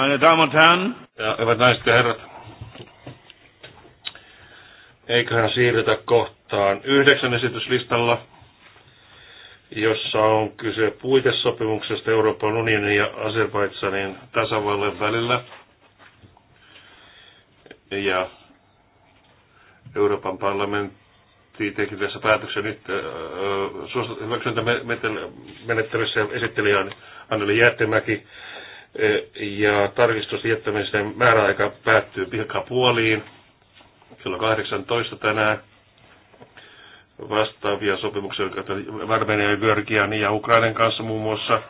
Meine Damen und Herren. Ja, hyvät naiset ja herrat. Eiköhän siirrytä kohtaan yhdeksän esityslistalla, jossa on kyse puitesopimuksesta Euroopan unionin ja Azerbaidsanin tasavallan välillä. Ja Euroopan parlamentti teki tässä päätöksen nyt äh, äh menettelyssä ja esittelijä Anneli Jäättemäki ja tarkistusten jättämisen määräaika päättyy pihka puoliin kello 18 tänään. Vastaavia sopimuksia Armenian, Georgian ja Ukrainan kanssa muun muassa.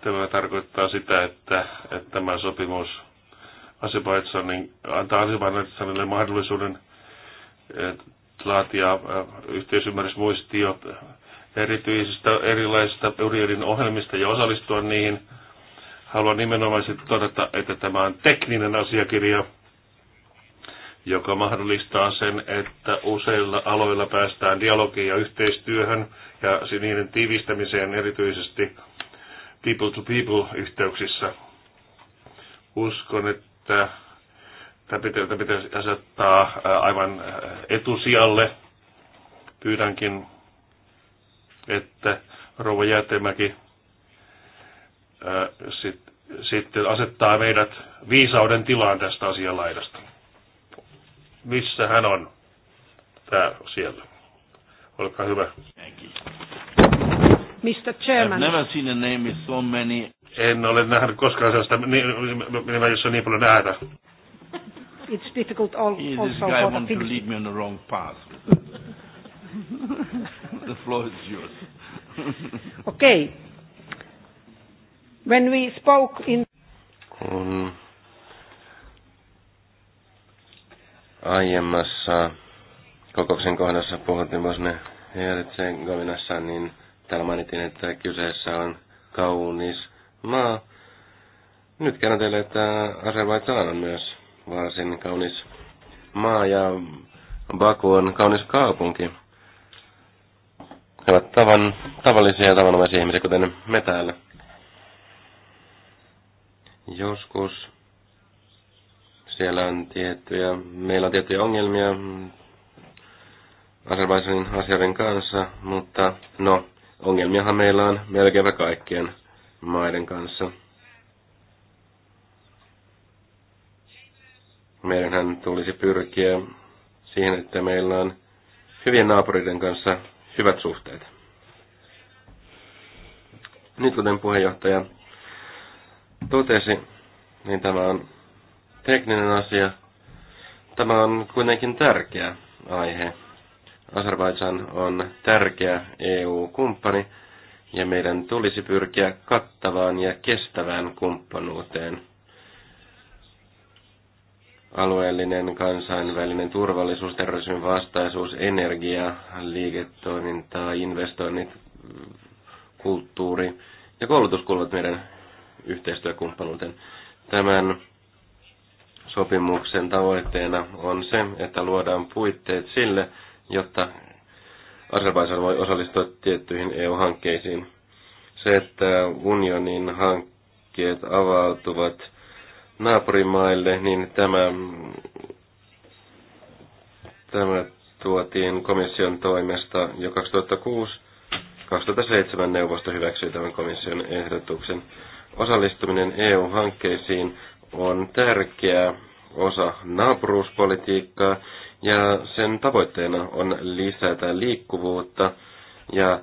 Tämä tarkoittaa sitä, että, että tämä sopimus Asibaitsanin, antaa Asibaitsanille mahdollisuuden laatia yhteisymmärrysmuistiot erityisistä erilaisista unionin ohjelmista ja osallistua niihin – Haluan nimenomaisesti todeta, että tämä on tekninen asiakirja, joka mahdollistaa sen, että useilla aloilla päästään dialogiin ja yhteistyöhön ja niiden tiivistämiseen erityisesti people-to-people-yhteyksissä. Uskon, että tämä pitäisi, asettaa aivan etusijalle. Pyydänkin, että Rouva Jäätemäki sit, sitten asettaa meidät viisauden tilaan tästä asialaidasta. Missä hän on? Tää siellä. Olkaa hyvä. Mr. Chairman. I've never seen a name with so many. En ole nähnyt koskaan sellaista nimeä, jossa on niin paljon näitä. It's difficult all, also for the this guy wants to lead me on the wrong path. the floor is yours. okay. When we spoke in... Kun aiemmassa kokouksen kohdassa puhuttiin Bosne Herzegovinassa, niin täällä mainittiin, että kyseessä on kaunis maa. Nyt kerron teille, että Azerbaijan on myös varsin kaunis maa ja Baku on kaunis kaupunki. He ovat tavan, tavallisia ja tavanomaisia ihmisiä, kuten me täällä. Joskus siellä on tiettyjä, meillä on tiettyjä ongelmia Azerbaijanin asioiden kanssa, mutta no, ongelmiahan meillä on melkeinpä kaikkien maiden kanssa. Meidänhän tulisi pyrkiä siihen, että meillä on hyvien naapuriden kanssa hyvät suhteet. Nyt kuten puheenjohtaja totesi, niin tämä on tekninen asia. Tämä on kuitenkin tärkeä aihe. Azerbaidžan on tärkeä EU-kumppani ja meidän tulisi pyrkiä kattavaan ja kestävään kumppanuuteen. Alueellinen, kansainvälinen turvallisuus, terrorismin vastaisuus, energia, liiketoiminta, investoinnit, kulttuuri ja koulutuskulut meidän yhteistyökumppanuuteen. Tämän sopimuksen tavoitteena on se, että luodaan puitteet sille, jotta Azerbaijan voi osallistua tiettyihin EU-hankkeisiin. Se, että unionin hankkeet avautuvat naapurimaille, niin tämä, tämä tuotiin komission toimesta jo 2006 2007 neuvosto hyväksyi tämän komission ehdotuksen. Osallistuminen EU-hankkeisiin on tärkeä osa naapuruuspolitiikkaa ja sen tavoitteena on lisätä liikkuvuutta ja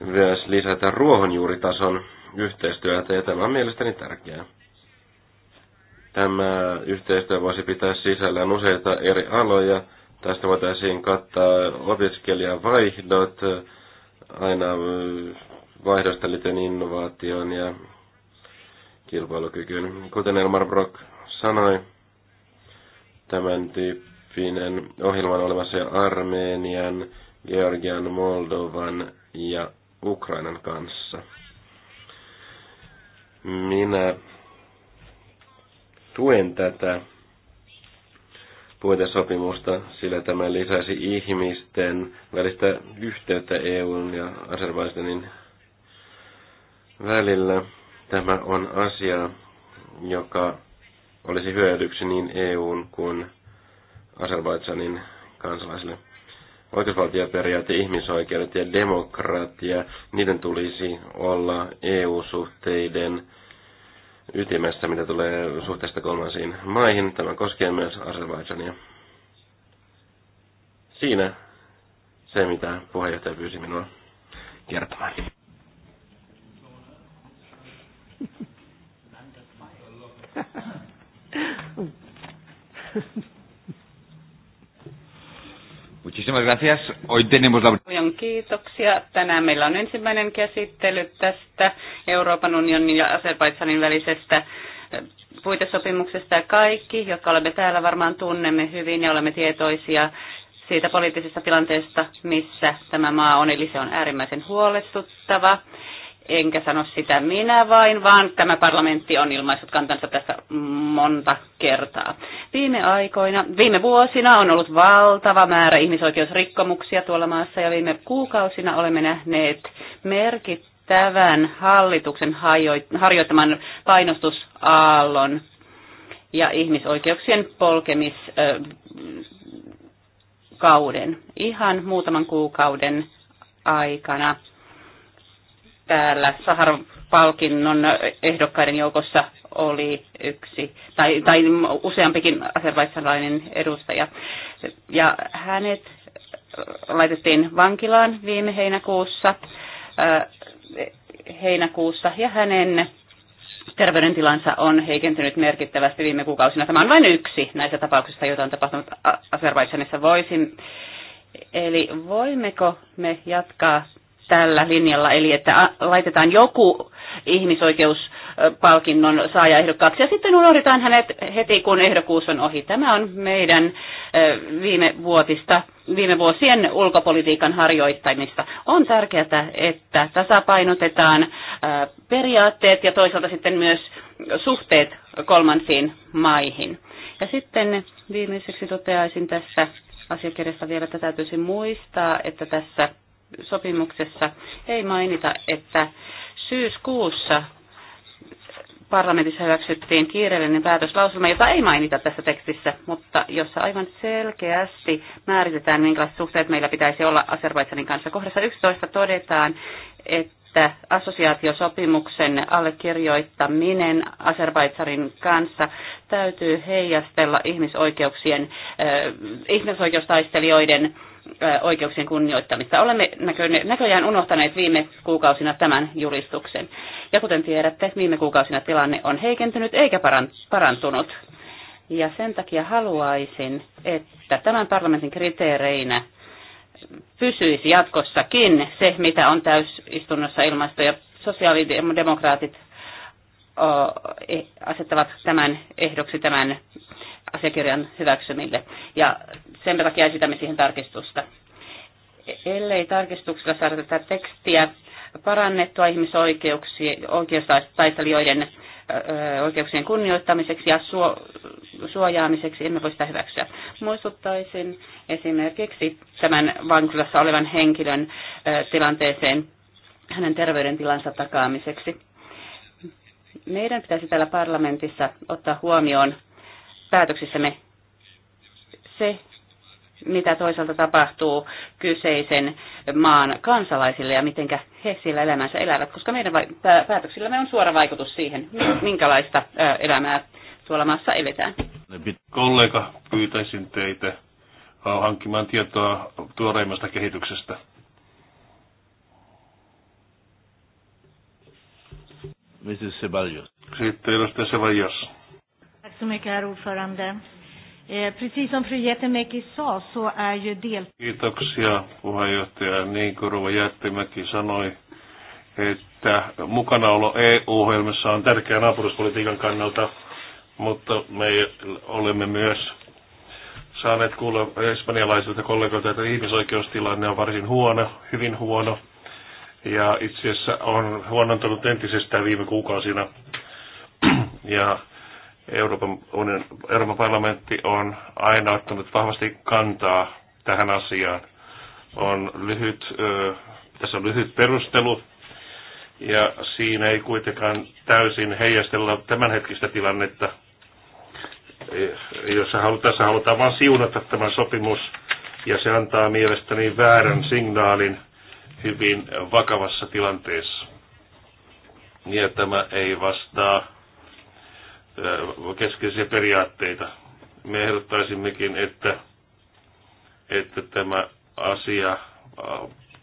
myös lisätä ruohonjuuritason yhteistyötä ja tämä on mielestäni tärkeää. Tämä yhteistyö voisi pitää sisällään useita eri aloja. Tästä voitaisiin kattaa opiskelijavaihdot aina vaihdosta liittyen innovaatioon ja kilpailukykyyn. Kuten Elmar Brock sanoi, tämän tyyppinen ohjelma on olemassa jo Armenian, Georgian, Moldovan ja Ukrainan kanssa. Minä tuen tätä puitesopimusta, sillä tämä lisäisi ihmisten välistä yhteyttä EUn ja Azerbaijanin välillä. Tämä on asia, joka olisi hyödyksi niin EUn kuin Azerbaidsanin kansalaisille. Oikeusvaltioperiaate, ihmisoikeudet ja demokratia, niiden tulisi olla EU-suhteiden ytimessä, mitä tulee suhteesta kolmansiin maihin. Tämä koskee myös Azerbaidsania. Siinä se, mitä puheenjohtaja pyysi minua kertomaan. Muchísimas gracias. Hoy tenemos la... kiitoksia. Tänään meillä on ensimmäinen käsittely tästä Euroopan unionin ja Azerbaidsanin välisestä eh, puitesopimuksesta. Kaikki, jotka olemme täällä, varmaan tunnemme hyvin ja olemme tietoisia siitä poliittisesta tilanteesta, missä tämä maa on. Eli se on äärimmäisen huolestuttava enkä sano sitä minä vain, vaan tämä parlamentti on ilmaissut kantansa tässä monta kertaa. Viime aikoina, viime vuosina on ollut valtava määrä ihmisoikeusrikkomuksia tuolla maassa ja viime kuukausina olemme nähneet merkittävän hallituksen harjoittaman painostusaallon ja ihmisoikeuksien polkemiskauden ihan muutaman kuukauden aikana täällä Sahar-palkinnon ehdokkaiden joukossa oli yksi tai, tai useampikin aserbaidsalainen edustaja. Ja hänet laitettiin vankilaan viime heinäkuussa, äh, heinäkuussa ja hänen terveydentilansa on heikentynyt merkittävästi viime kuukausina. Tämä on vain yksi näistä tapauksista, joita on tapahtunut Azerbaidžanissa. Voisin Eli voimmeko me jatkaa tällä linjalla, eli että laitetaan joku ihmisoikeuspalkinnon saaja ehdokkaaksi ja sitten unohdetaan hänet heti, kun ehdokkuus on ohi. Tämä on meidän viime, vuotista, viime vuosien ulkopolitiikan harjoittamista. On tärkeää, että tasapainotetaan periaatteet ja toisaalta sitten myös suhteet kolmansiin maihin. Ja sitten viimeiseksi toteaisin tässä asiakirjassa vielä, että täytyisi muistaa, että tässä sopimuksessa ei mainita, että syyskuussa parlamentissa hyväksyttiin kiireellinen päätöslauselma, jota ei mainita tässä tekstissä, mutta jossa aivan selkeästi määritetään, minkälaiset suhteet meillä pitäisi olla Azerbaidsanin kanssa. Kohdassa 11 todetaan, että assosiaatiosopimuksen allekirjoittaminen Azerbaidsanin kanssa täytyy heijastella ihmisoikeuksien, äh, ihmisoikeustaistelijoiden äh, oikeuksien kunnioittamista. Olemme näköjään unohtaneet viime kuukausina tämän julistuksen. Ja kuten tiedätte, viime kuukausina tilanne on heikentynyt eikä parantunut. Ja sen takia haluaisin, että tämän parlamentin kriteereinä pysyisi jatkossakin se, mitä on täysistunnossa ilmaistu ja sosiaalidemokraatit e, asettavat tämän ehdoksi tämän asiakirjan hyväksymille. Ja sen takia esitämme siihen tarkistusta. Ellei tarkistuksella saada tätä tekstiä parannettua ihmisoikeustaistelijoiden oikeuksien kunnioittamiseksi ja suo, suojaamiseksi emme voi sitä hyväksyä. Muistuttaisin esimerkiksi tämän vankilassa olevan henkilön tilanteeseen hänen terveydentilansa takaamiseksi. Meidän pitäisi täällä parlamentissa ottaa huomioon päätöksissämme se, mitä toisaalta tapahtuu kyseisen maan kansalaisille ja miten he siellä elämänsä elävät, koska meidän päätöksillämme on suora vaikutus siihen, minkälaista elämää tuolla maassa eletään. Kollega, pyytäisin teitä hankkimaan tietoa tuoreimmasta kehityksestä. Mrs. Ceballos. Sitten edustaja Ceballos. Eh, precis som fru Jättemäki sa så är ju del... Kiitoksia puheenjohtaja. Niin kuin Ruva Jättemäki sanoi, että mukanaolo EU-ohjelmassa on tärkeä naapuruspolitiikan kannalta, mutta me olemme myös saaneet kuulla espanjalaisilta kollegoilta, että ihmisoikeustilanne on varsin huono, hyvin huono, ja itse asiassa on huonontanut entisestään viime kuukausina. Ja Euroopan, Euroopan parlamentti on aina ottanut vahvasti kantaa tähän asiaan. On lyhyt, tässä on lyhyt perustelu, ja siinä ei kuitenkaan täysin heijastella tämänhetkistä tilannetta. jossa halutaan, tässä halutaan vain siunata tämä sopimus, ja se antaa mielestäni väärän signaalin hyvin vakavassa tilanteessa. Ja tämä ei vastaa keskeisiä periaatteita. Me ehdottaisimmekin, että, että tämä asia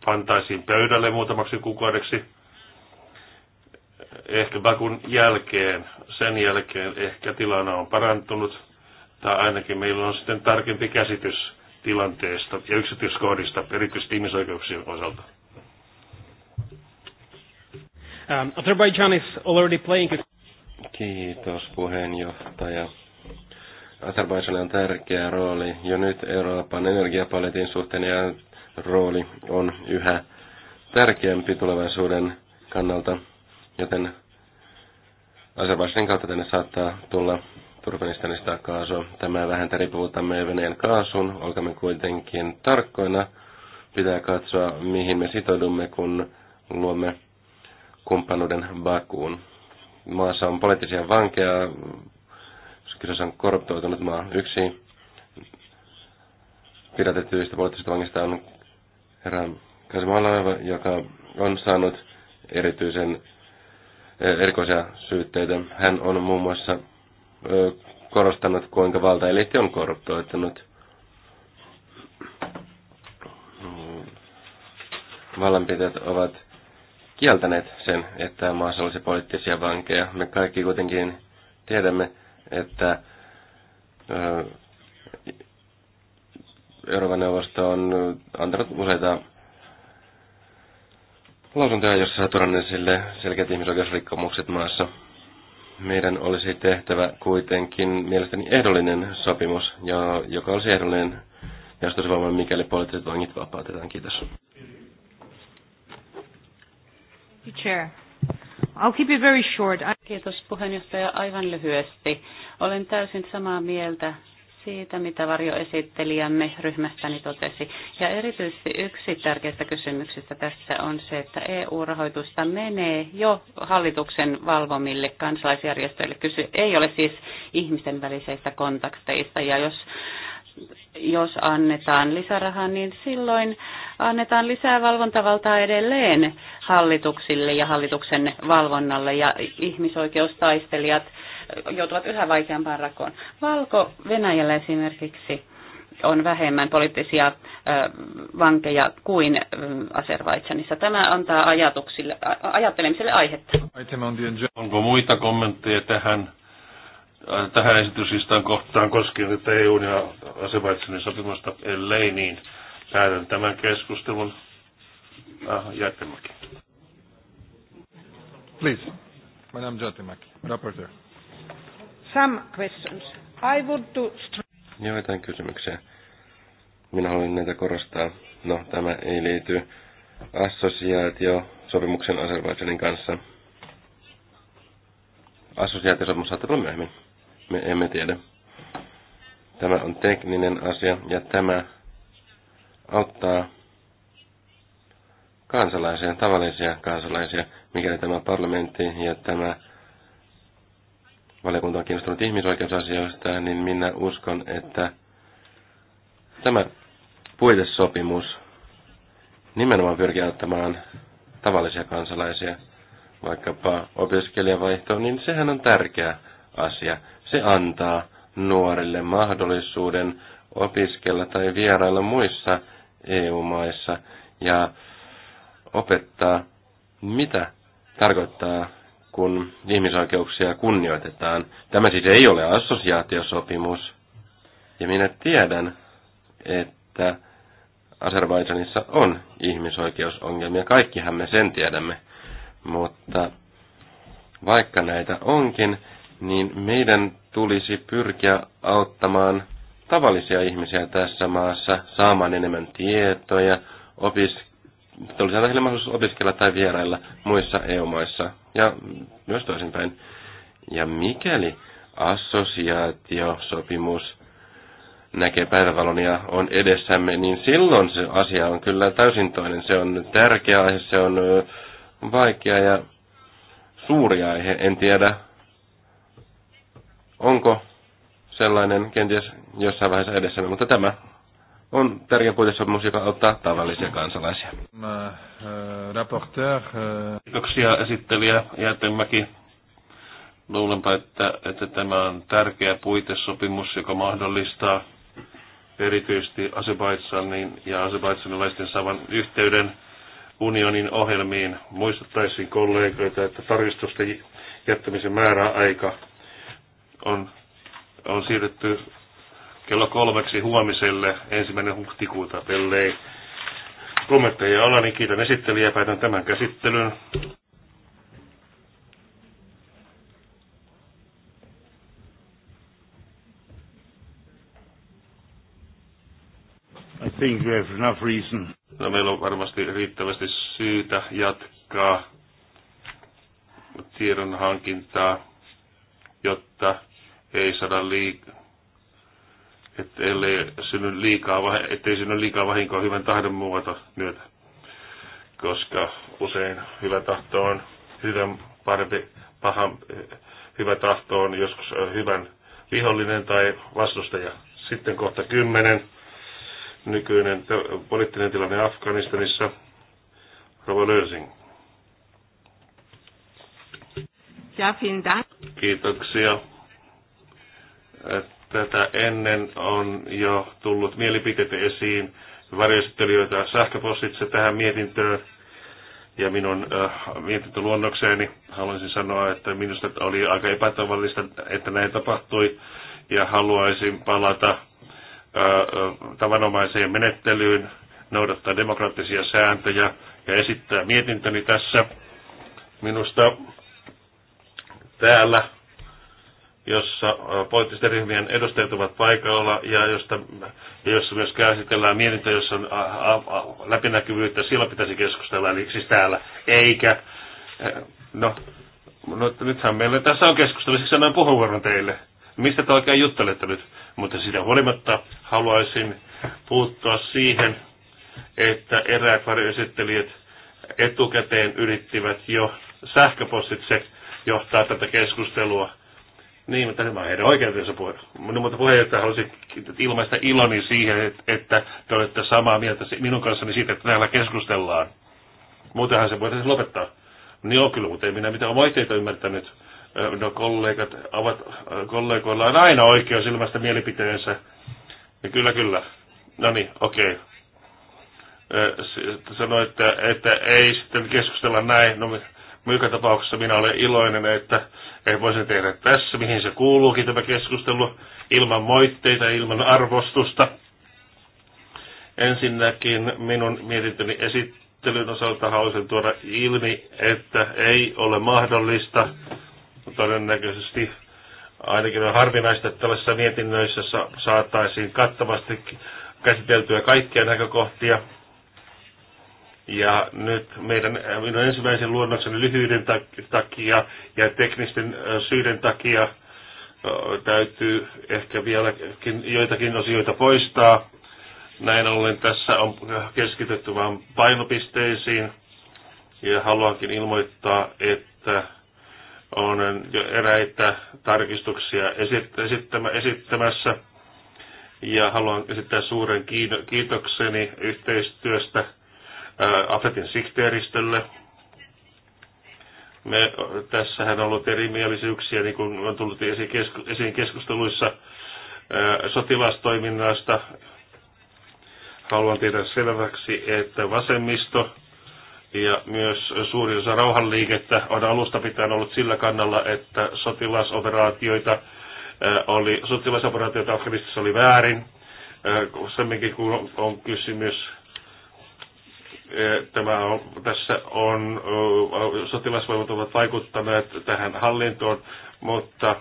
pantaisiin pöydälle muutamaksi kuukaudeksi, ehkä vakun jälkeen, sen jälkeen ehkä tilanne on parantunut, tai ainakin meillä on sitten tarkempi käsitys tilanteesta ja yksityiskohdista, erityisesti ihmisoikeuksien osalta. Um, Azerbaijan is already playing Kiitos puheenjohtaja. Azerbaidžanilla on tärkeä rooli jo nyt Euroopan energiapaletin suhteen ja rooli on yhä tärkeämpi tulevaisuuden kannalta, joten Azerbaidžanin kautta tänne saattaa tulla Turkmenistanista kaasua. Tämä vähentää riippuvuuttamme Venäjän kaasun. Olkamme kuitenkin tarkkoina. Pitää katsoa, mihin me sitoudumme, kun luomme kumppanuuden Bakuun maassa on poliittisia vankeja, kyseessä on korruptoitunut maa. Yksi pidätetyistä poliittisista vangista on herra Kasimalaiva, joka on saanut erityisen e, erikoisia syytteitä. Hän on muun muassa e, korostanut, kuinka valtaeliitti on korruptoitunut. Vallanpitäjät ovat kieltäneet sen, että maassa olisi poliittisia vankeja. Me kaikki kuitenkin tiedämme, että Euroopan neuvosto on antanut useita lausuntoja, jossa turanne sille selkeät ihmisoikeusrikkomukset maassa. Meidän olisi tehtävä kuitenkin mielestäni ehdollinen sopimus, joka olisi ehdollinen, jos tosiaan mikäli poliittiset vangit vapautetaan. Kiitos. Chair. I'll keep it very short. Kiitos puheenjohtaja aivan lyhyesti. Olen täysin samaa mieltä siitä, mitä varjoesittelijämme ryhmästäni totesi. Ja erityisesti yksi tärkeistä kysymyksistä tässä on se, että EU-rahoitusta menee jo hallituksen valvomille kansalaisjärjestöille. Kysy ei ole siis ihmisten väliseistä kontakteista. Ja jos jos annetaan lisärahaa, niin silloin annetaan lisää valvontavaltaa edelleen hallituksille ja hallituksen valvonnalle ja ihmisoikeustaistelijat joutuvat yhä vaikeampaan rakoon. Valko-Venäjällä esimerkiksi on vähemmän poliittisia vankeja kuin Azerbaidžanissa. Tämä antaa ajatuksille, ajattelemiselle aihetta. Onko muita kommentteja tähän, tähän esityslistaan kohtaan koskien tätä e ja Azerbaidžanin sopimusta, ellei niin päätän tämän keskustelun. Ah, Jättimäki. Please, Madam Jättimäki, rapporteur. Some questions. I want to... Joitain kysymyksiä. Minä haluan näitä korostaa. No, tämä ei liity assosiaatio sopimuksen Azerbaidžanin kanssa. Assosiaatiosopimus saattaa tulla myöhemmin. Me emme tiedä. Tämä on tekninen asia ja tämä auttaa kansalaisia, tavallisia kansalaisia, mikäli tämä parlamentti ja tämä valiokunta on kiinnostunut ihmisoikeusasioista, niin minä uskon, että tämä puitesopimus nimenomaan pyrkii auttamaan tavallisia kansalaisia, vaikkapa opiskelijavaihtoa, niin sehän on tärkeä asia. Se antaa nuorille mahdollisuuden opiskella tai vierailla muissa EU-maissa ja opettaa, mitä tarkoittaa, kun ihmisoikeuksia kunnioitetaan. Tämä siis ei ole assosiaatiosopimus. Ja minä tiedän, että Azerbaidžanissa on ihmisoikeusongelmia. Kaikkihan me sen tiedämme. Mutta vaikka näitä onkin, niin meidän tulisi pyrkiä auttamaan tavallisia ihmisiä tässä maassa saamaan enemmän tietoja, opiskelemaan tulisi antaa heille mahdollisuus opiskella tai vierailla muissa EU-maissa ja myös toisinpäin. Ja mikäli assosiaatiosopimus näkee päivävalon ja on edessämme, niin silloin se asia on kyllä täysin toinen. Se on tärkeä aihe, se on vaikea ja suuri aihe. En tiedä, onko sellainen kenties jossain vaiheessa edessämme, mutta tämä on tärkeä puitesopimus, joka auttaa tavallisia kansalaisia. Äh, Raporteur. Äh. Kiitoksia esittelijä Jätemäki. Luulenpa, että, että tämä on tärkeä puitesopimus, joka mahdollistaa erityisesti Azerbaidsanin ja azerbaidsanilaisten saavan yhteyden unionin ohjelmiin. Muistuttaisin kollegoita, että tarkistusten jättämisen määräaika on, on siirretty kello kolmeksi huomiselle ensimmäinen huhtikuuta pellei. Kommentteja niin kiitän esittelijää, päätän tämän käsittelyn. I think we have enough reason. No, meillä on varmasti riittävästi syytä jatkaa tiedon hankintaa, jotta ei saada liikaa ettei synny liikaa, ettei synny liikaa vahinkoa hyvän tahdon muoto myötä, koska usein hyvä tahto on hyvän parempi, pahan, hyvä tahto on joskus hyvän vihollinen tai vastustaja. Sitten kohta kymmenen nykyinen poliittinen tilanne Afganistanissa. Rova Lösing. Ja, Kiitoksia Tätä ennen on jo tullut mielipiteitä esiin varjostelijoita sähköpostitse tähän mietintöön ja minun äh, mietintöluonnokseeni haluaisin sanoa, että minusta oli aika epätavallista, että näin tapahtui ja haluaisin palata äh, äh tavanomaiseen menettelyyn, noudattaa demokraattisia sääntöjä ja esittää mietintöni tässä. Minusta täällä jossa poliittisten ryhmien edustajat ovat paikalla ja, josta, ja jossa myös käsitellään mietintö, jossa on läpinäkyvyyttä, sillä pitäisi keskustella, eli siis täällä, eikä. No, no nythän meillä tässä on keskustelu, siksi sanoin puheenvuoron teille. Mistä te oikein juttelette nyt? Mutta sitä huolimatta haluaisin puuttua siihen, että eräät varjoesittelijät etukäteen yrittivät jo sähköpostitse johtaa tätä keskustelua niin, mutta tämä on heidän oikeutensa puhe. No, mutta puheenjohtaja halusi ilmaista iloni siihen, että te olette samaa mieltä minun kanssani siitä, että täällä keskustellaan. Muutenhan se voitaisiin lopettaa. Niin on kyllä, mutta ei minä mitään moitteita ymmärtänyt. No kollegat ovat, kollegoilla on aina oikeus ilmaista mielipiteensä. Ja kyllä, kyllä. No niin, okei. Okay. Sanoi, että, että ei sitten keskustella näin. No, joka tapauksessa minä olen iloinen, että ei voisin tehdä tässä, mihin se kuuluukin tämä keskustelu, ilman moitteita, ilman arvostusta. Ensinnäkin minun mietintöni esittelyn osalta haluaisin tuoda ilmi, että ei ole mahdollista todennäköisesti ainakin on harvinaista, että tällaisissa mietinnöissä saataisiin kattavasti käsiteltyä kaikkia näkökohtia ja nyt meidän, minun ensimmäisen luonnoksen lyhyyden takia ja teknisten syiden takia täytyy ehkä vieläkin joitakin osioita poistaa. Näin ollen tässä on keskitytty vain painopisteisiin ja haluankin ilmoittaa, että olen jo eräitä tarkistuksia esittämä, esittämässä ja haluan esittää suuren kiitokseni yhteistyöstä – AFETin sihteeristölle. Me, tässähän on ollut erimielisyyksiä, niin kuin on tullut esiin keskusteluissa sotilastoiminnasta. Haluan tehdä selväksi, että vasemmisto ja myös suurin osa rauhanliikettä on alusta pitäen ollut sillä kannalla, että sotilasoperaatioita oli, sotilasoperaatioita Afganistissa oli väärin, semminkin kun on kysymys Eh, tämä on, tässä on, eh, sotilasvoimat ovat vaikuttaneet tähän hallintoon, mutta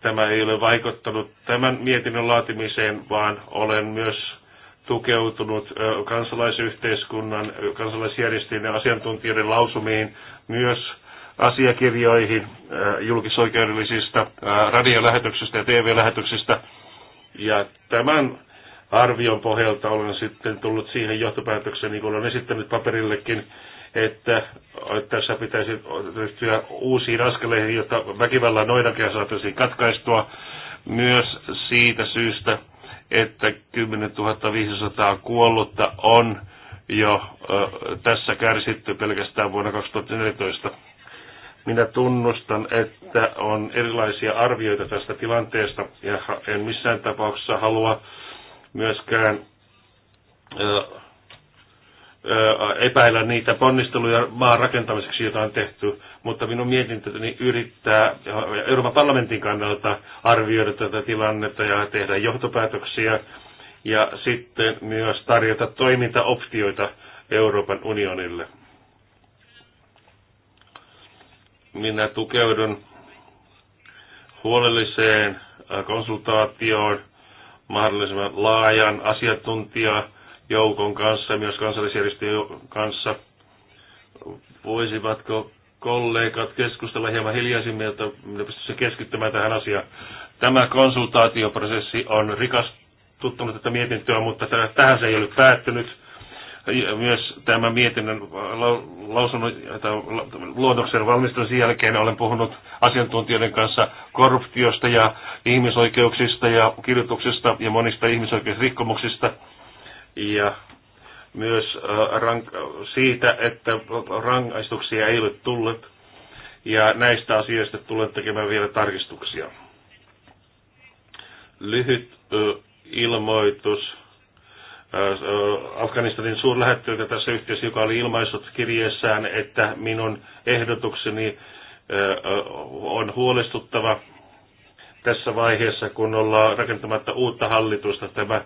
tämä ei ole vaikuttanut tämän mietinnön laatimiseen, vaan olen myös tukeutunut eh, kansalaisyhteiskunnan, kansalaisjärjestöjen ja asiantuntijoiden lausumiin, myös asiakirjoihin julkisoikeudellisista radiolähetyksistä ja TV-lähetyksistä. Ja tämän arvion pohjalta olen sitten tullut siihen johtopäätökseen, niin kuin olen esittänyt paperillekin, että, että tässä pitäisi ryhtyä uusiin askeleihin, jotta väkivallan noidankehä saataisiin katkaistua myös siitä syystä, että 10 500 kuollutta on jo ö, tässä kärsitty pelkästään vuonna 2014. Minä tunnustan, että on erilaisia arvioita tästä tilanteesta ja en missään tapauksessa halua myöskään epäillä niitä ponnisteluja maan rakentamiseksi, joita on tehty, mutta minun mietintöni yrittää Euroopan parlamentin kannalta arvioida tätä tilannetta ja tehdä johtopäätöksiä ja sitten myös tarjota toimintaoptioita Euroopan unionille. Minä tukeudun huolelliseen konsultaatioon mahdollisimman laajan asiantuntijajoukon kanssa, myös kansallisjärjestöjen kanssa. Voisivatko kollegat keskustella hieman hiljaisemmin, jotta ne pystyisi keskittymään tähän asiaan. Tämä konsultaatioprosessi on rikastuttanut tätä mietintöä, mutta tähän se ei ole päättynyt. Myös tämä mietinnön lausunnon, tai luonnoksen valmistumisen jälkeen olen puhunut asiantuntijoiden kanssa korruptiosta ja ihmisoikeuksista ja kirjoituksista ja monista ihmisoikeusrikkomuksista ja myös äh, rank- siitä, että rangaistuksia ei ole tullut ja näistä asioista tulen tekemään vielä tarkistuksia. Lyhyt ilmoitus Äh, Afganistanin suurlähettilöltä tässä yhteydessä, joka oli ilmaissut kirjeessään, että minun ehdotukseni äh, äh, on huolestuttava tässä vaiheessa, kun ollaan rakentamatta uutta hallitusta. Tämä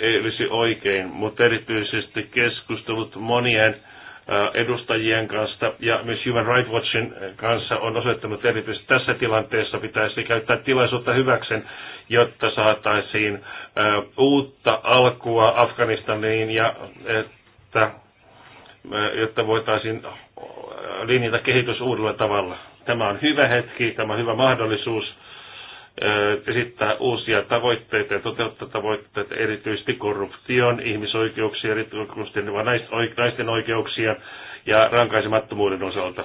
ei olisi oikein, mutta erityisesti keskustelut monien edustajien kanssa ja myös Human Rights Watchin kanssa on osoittanut erityisesti tässä tilanteessa pitäisi käyttää tilaisuutta hyväksen, jotta saataisiin uutta alkua Afganistaniin ja että, jotta voitaisiin linjata kehitys uudella tavalla. Tämä on hyvä hetki, tämä on hyvä mahdollisuus esittää uusia tavoitteita ja toteuttaa tavoitteita, erityisesti korruption, ihmisoikeuksia, erityisesti naisten oikeuksia ja rankaisemattomuuden osalta.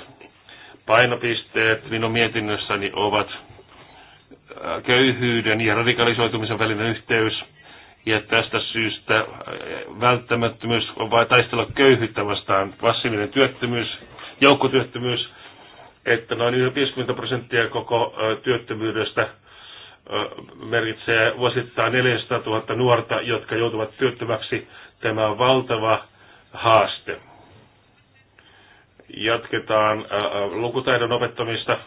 Painopisteet minun mietinnössäni ovat köyhyyden ja radikalisoitumisen välinen yhteys, ja tästä syystä välttämättömyys on vain taistella köyhyyttä vastaan, passiivinen työttömyys, joukkotyöttömyys, että noin 50 prosenttia koko työttömyydestä merkitsee vuosittain 400 000 nuorta, jotka joutuvat työttömäksi. Tämä on valtava haaste. Jatketaan lukutaidon opettamista.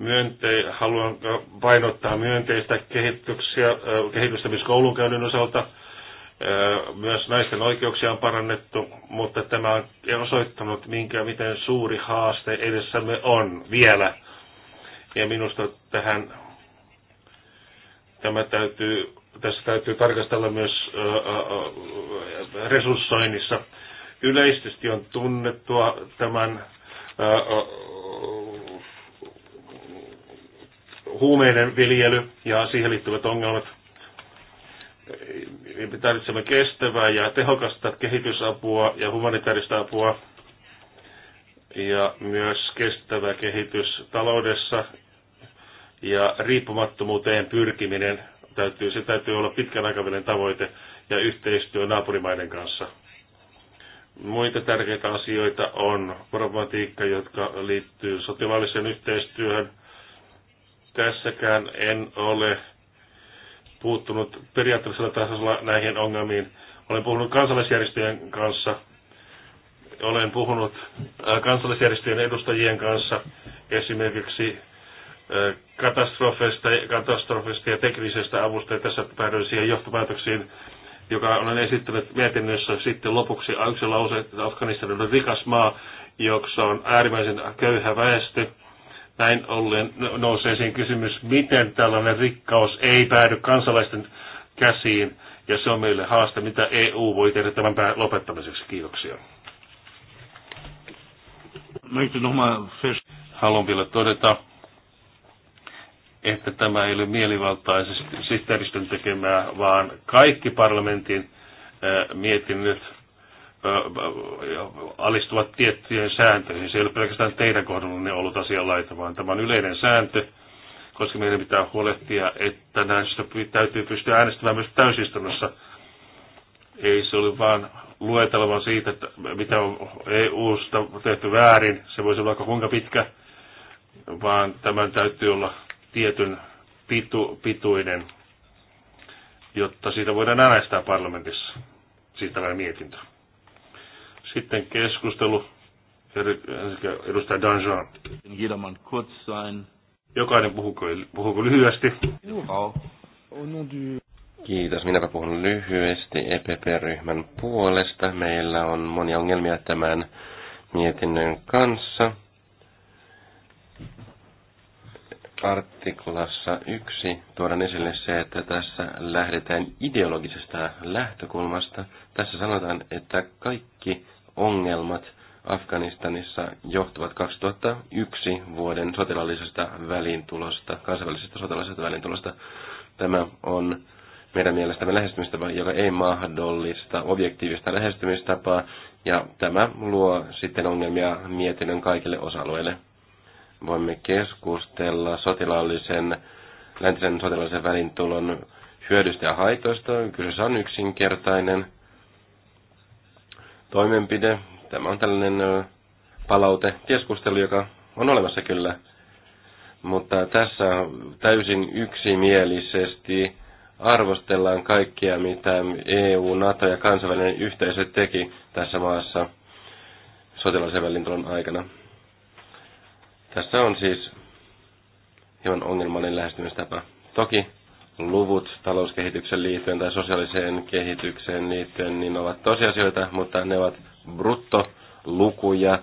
Myönte- haluan painottaa myönteistä kehitystä myös koulunkäynnin osalta. Myös naisten oikeuksia on parannettu, mutta tämä on osoittanut, minkä, miten suuri haaste edessämme on vielä. Ja minusta tähän Tämä täytyy, tässä täytyy tarkastella myös resurssoinnissa. Yleisesti on tunnettua tämän huumeiden viljely ja siihen liittyvät ongelmat. Me tarvitsemme kestävää ja tehokasta kehitysapua ja humanitaarista apua ja myös kestävä kehitys taloudessa ja riippumattomuuteen pyrkiminen täytyy, se täytyy olla pitkän aikavälin tavoite ja yhteistyö naapurimaiden kanssa. Muita tärkeitä asioita on problematiikka, jotka liittyy sotilaalliseen yhteistyöhön. Tässäkään en ole puuttunut periaatteellisella tasolla näihin ongelmiin. Olen puhunut kansallisjärjestöjen kanssa, olen puhunut äh, kansallisjärjestöjen edustajien kanssa, esimerkiksi katastrofeista, katastrofeista ja teknisestä avusta, ja tässä päädyin siihen johtopäätöksiin, joka olen esittänyt mietinnössä sitten lopuksi yksi lause, että Afganistan on rikas maa, jossa on äärimmäisen köyhä väestö. Näin ollen no- nousee siihen kysymys, miten tällainen rikkaus ei päädy kansalaisten käsiin, ja se on meille haaste, mitä EU voi tehdä tämän lopettamiseksi. Kiitoksia. Haluan vielä todeta, että tämä ei ole mielivaltaisesti sihteeristön tekemää, vaan kaikki parlamentin äh, mietinnöt äh, alistuvat tiettyjen sääntöihin. Se ei ole pelkästään teidän ne ollut asianlaita, vaan tämä on yleinen sääntö, koska meidän pitää huolehtia, että näistä täytyy pystyä äänestämään myös täysistunnossa. Ei se ole vaan luetelma siitä, että mitä on EU-sta tehty väärin. Se voisi olla aika kuinka pitkä, vaan tämän täytyy olla tietyn pitu, pituinen, jotta siitä voidaan äänestää parlamentissa. Siis tällainen mietintö. Sitten keskustelu. Edustaja Danjean. Jokainen puhuko, puhuko lyhyesti. Kiitos. Minäpä puhun lyhyesti EPP-ryhmän puolesta. Meillä on monia ongelmia tämän mietinnön kanssa. artiklassa yksi tuodaan esille se, että tässä lähdetään ideologisesta lähtökulmasta. Tässä sanotaan, että kaikki ongelmat Afganistanissa johtuvat 2001 vuoden sotilaallisesta välintulosta, kansainvälisestä sotilaallisesta välintulosta. Tämä on meidän mielestämme lähestymistapa, joka ei mahdollista objektiivista lähestymistapaa, ja tämä luo sitten ongelmia mietinnön kaikille osa-alueille voimme keskustella sotilaallisen, läntisen sotilaallisen välintulon hyödystä ja haitoista. Kyseessä on yksinkertainen toimenpide. Tämä on tällainen palaute, keskustelu, joka on olemassa kyllä. Mutta tässä täysin yksimielisesti arvostellaan kaikkia, mitä EU, NATO ja kansainvälinen yhteisö teki tässä maassa sotilaisen välintulon aikana. Tässä on siis hieman ongelmallinen lähestymistapa. Toki luvut talouskehityksen liittyen tai sosiaaliseen kehitykseen liittyen niin ovat tosiasioita, mutta ne ovat bruttolukuja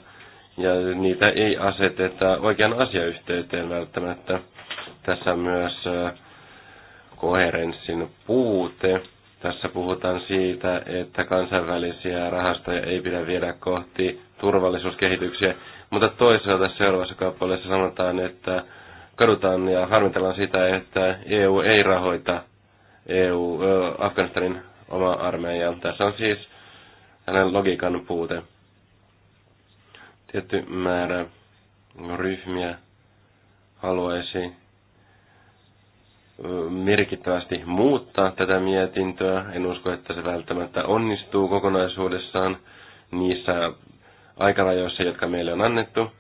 ja niitä ei aseteta oikean asiayhteyteen välttämättä. Tässä on myös koherenssin puute. Tässä puhutaan siitä, että kansainvälisiä rahastoja ei pidä viedä kohti turvallisuuskehityksiä mutta toisaalta seuraavassa kappaleessa sanotaan, että kadutaan ja harmitellaan sitä, että EU ei rahoita EU, äh, Afganistanin omaa armeijaa. Tässä on siis hänen logiikan puute. Tietty määrä ryhmiä haluaisi merkittävästi muuttaa tätä mietintöä. En usko, että se välttämättä onnistuu kokonaisuudessaan. Niissä aikarajoissa, jotka meille on annettu.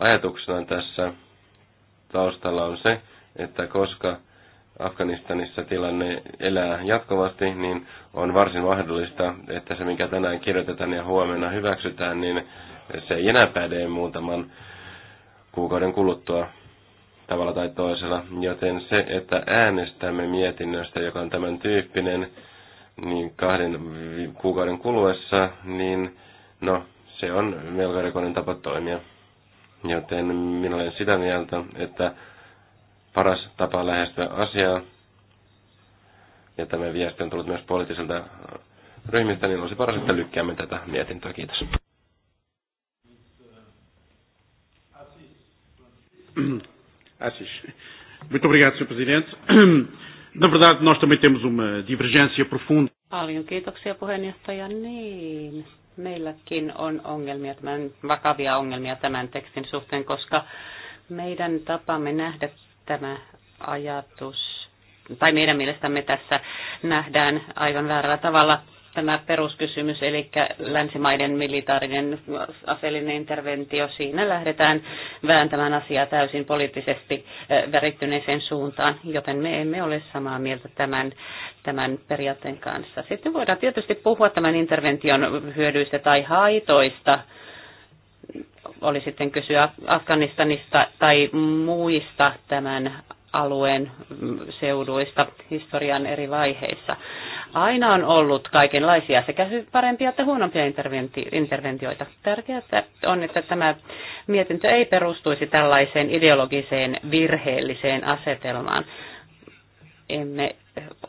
Ajatuksenaan tässä taustalla on se, että koska Afganistanissa tilanne elää jatkuvasti, niin on varsin mahdollista, että se mikä tänään kirjoitetaan ja huomenna hyväksytään, niin se ei enää päde muutaman kuukauden kuluttua tavalla tai toisella. Joten se, että äänestämme mietinnöstä, joka on tämän tyyppinen, niin kahden kuukauden kuluessa, niin no, se on melko erikoinen tapa toimia. Joten minä olen sitä mieltä, että paras tapa lähestyä asiaa, ja tämä viesti on tullut myös poliittiselta ryhmiltä, niin olisi paras, että lykkäämme tätä mietintöä. Kiitos. Assis. Muito obrigado, Sr. Presidente. Na verdade, nós também temos uma divergência profunda. Paljon kiitoksia puheenjohtaja. Niin, meilläkin on ongelmia, tämän, vakavia ongelmia tämän tekstin suhteen, koska meidän tapamme nähdä tämä ajatus, tai meidän mielestämme tässä nähdään aivan väärällä tavalla tämä peruskysymys, eli länsimaiden militaarinen aseellinen interventio, siinä lähdetään vääntämään asiaa täysin poliittisesti eh, värittyneeseen suuntaan, joten me emme ole samaa mieltä tämän, tämän periaatteen kanssa. Sitten voidaan tietysti puhua tämän intervention hyödyistä tai haitoista, oli sitten kysyä Afganistanista tai muista tämän alueen mm, seuduista historian eri vaiheissa. Aina on ollut kaikenlaisia sekä parempia että huonompia interventioita. Tärkeää on, että tämä mietintö ei perustuisi tällaiseen ideologiseen virheelliseen asetelmaan. Emme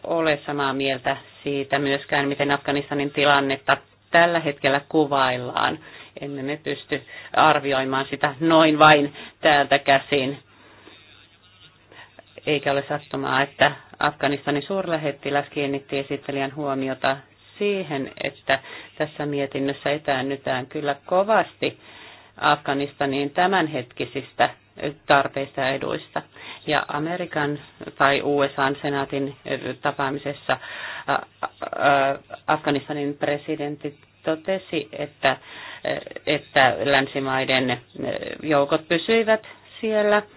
ole samaa mieltä siitä myöskään, miten Afganistanin tilannetta tällä hetkellä kuvaillaan. Emme me pysty arvioimaan sitä noin vain täältä käsin eikä ole sattumaa, että Afganistanin suurlähettiläs kiinnitti esittelijän huomiota siihen, että tässä mietinnössä etäännytään kyllä kovasti Afganistanin tämänhetkisistä tarpeista ja eduista. Ja Amerikan tai USA senaatin tapaamisessa Afganistanin presidentti totesi, että, että länsimaiden joukot pysyivät siellä –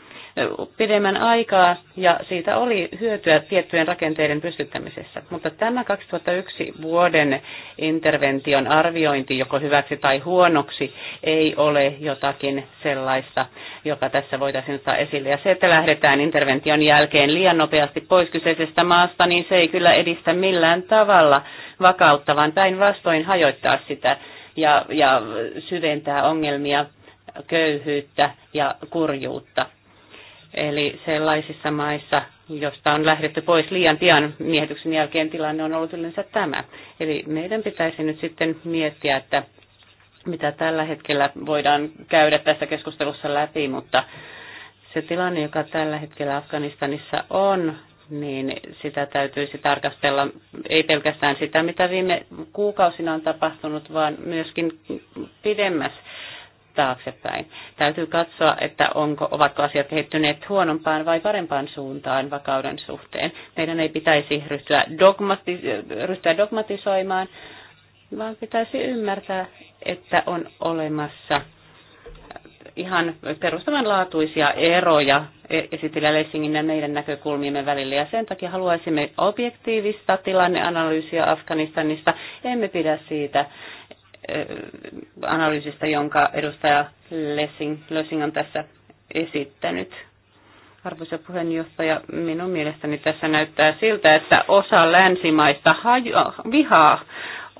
pidemmän aikaa ja siitä oli hyötyä tiettyjen rakenteiden pystyttämisessä. Mutta tämä 2001 vuoden intervention arviointi, joko hyväksi tai huonoksi, ei ole jotakin sellaista, joka tässä voitaisiin ottaa esille. Ja se, että lähdetään intervention jälkeen liian nopeasti pois kyseisestä maasta, niin se ei kyllä edistä millään tavalla vakautta, vaan päinvastoin hajoittaa sitä ja, ja syventää ongelmia köyhyyttä ja kurjuutta. Eli sellaisissa maissa, josta on lähdetty pois liian pian miehityksen jälkeen, tilanne on ollut yleensä tämä. Eli meidän pitäisi nyt sitten miettiä, että mitä tällä hetkellä voidaan käydä tässä keskustelussa läpi, mutta se tilanne, joka tällä hetkellä Afganistanissa on, niin sitä täytyisi tarkastella ei pelkästään sitä, mitä viime kuukausina on tapahtunut, vaan myöskin pidemmässä taaksepäin. Täytyy katsoa, että onko, ovatko asiat kehittyneet huonompaan vai parempaan suuntaan vakauden suhteen. Meidän ei pitäisi ryhtyä, dogmati, ryhtyä dogmatisoimaan, vaan pitäisi ymmärtää, että on olemassa ihan perustavanlaatuisia eroja esitillä Lessingin ja meidän näkökulmiemme välillä. Ja sen takia haluaisimme objektiivista tilanneanalyysiä Afganistanista. Emme pidä siitä, Äh, analyysistä, jonka edustaja Lessing, Lessing on tässä esittänyt. Arvoisa puheenjohtaja, minun mielestäni tässä näyttää siltä, että osa länsimaista hajo- vihaa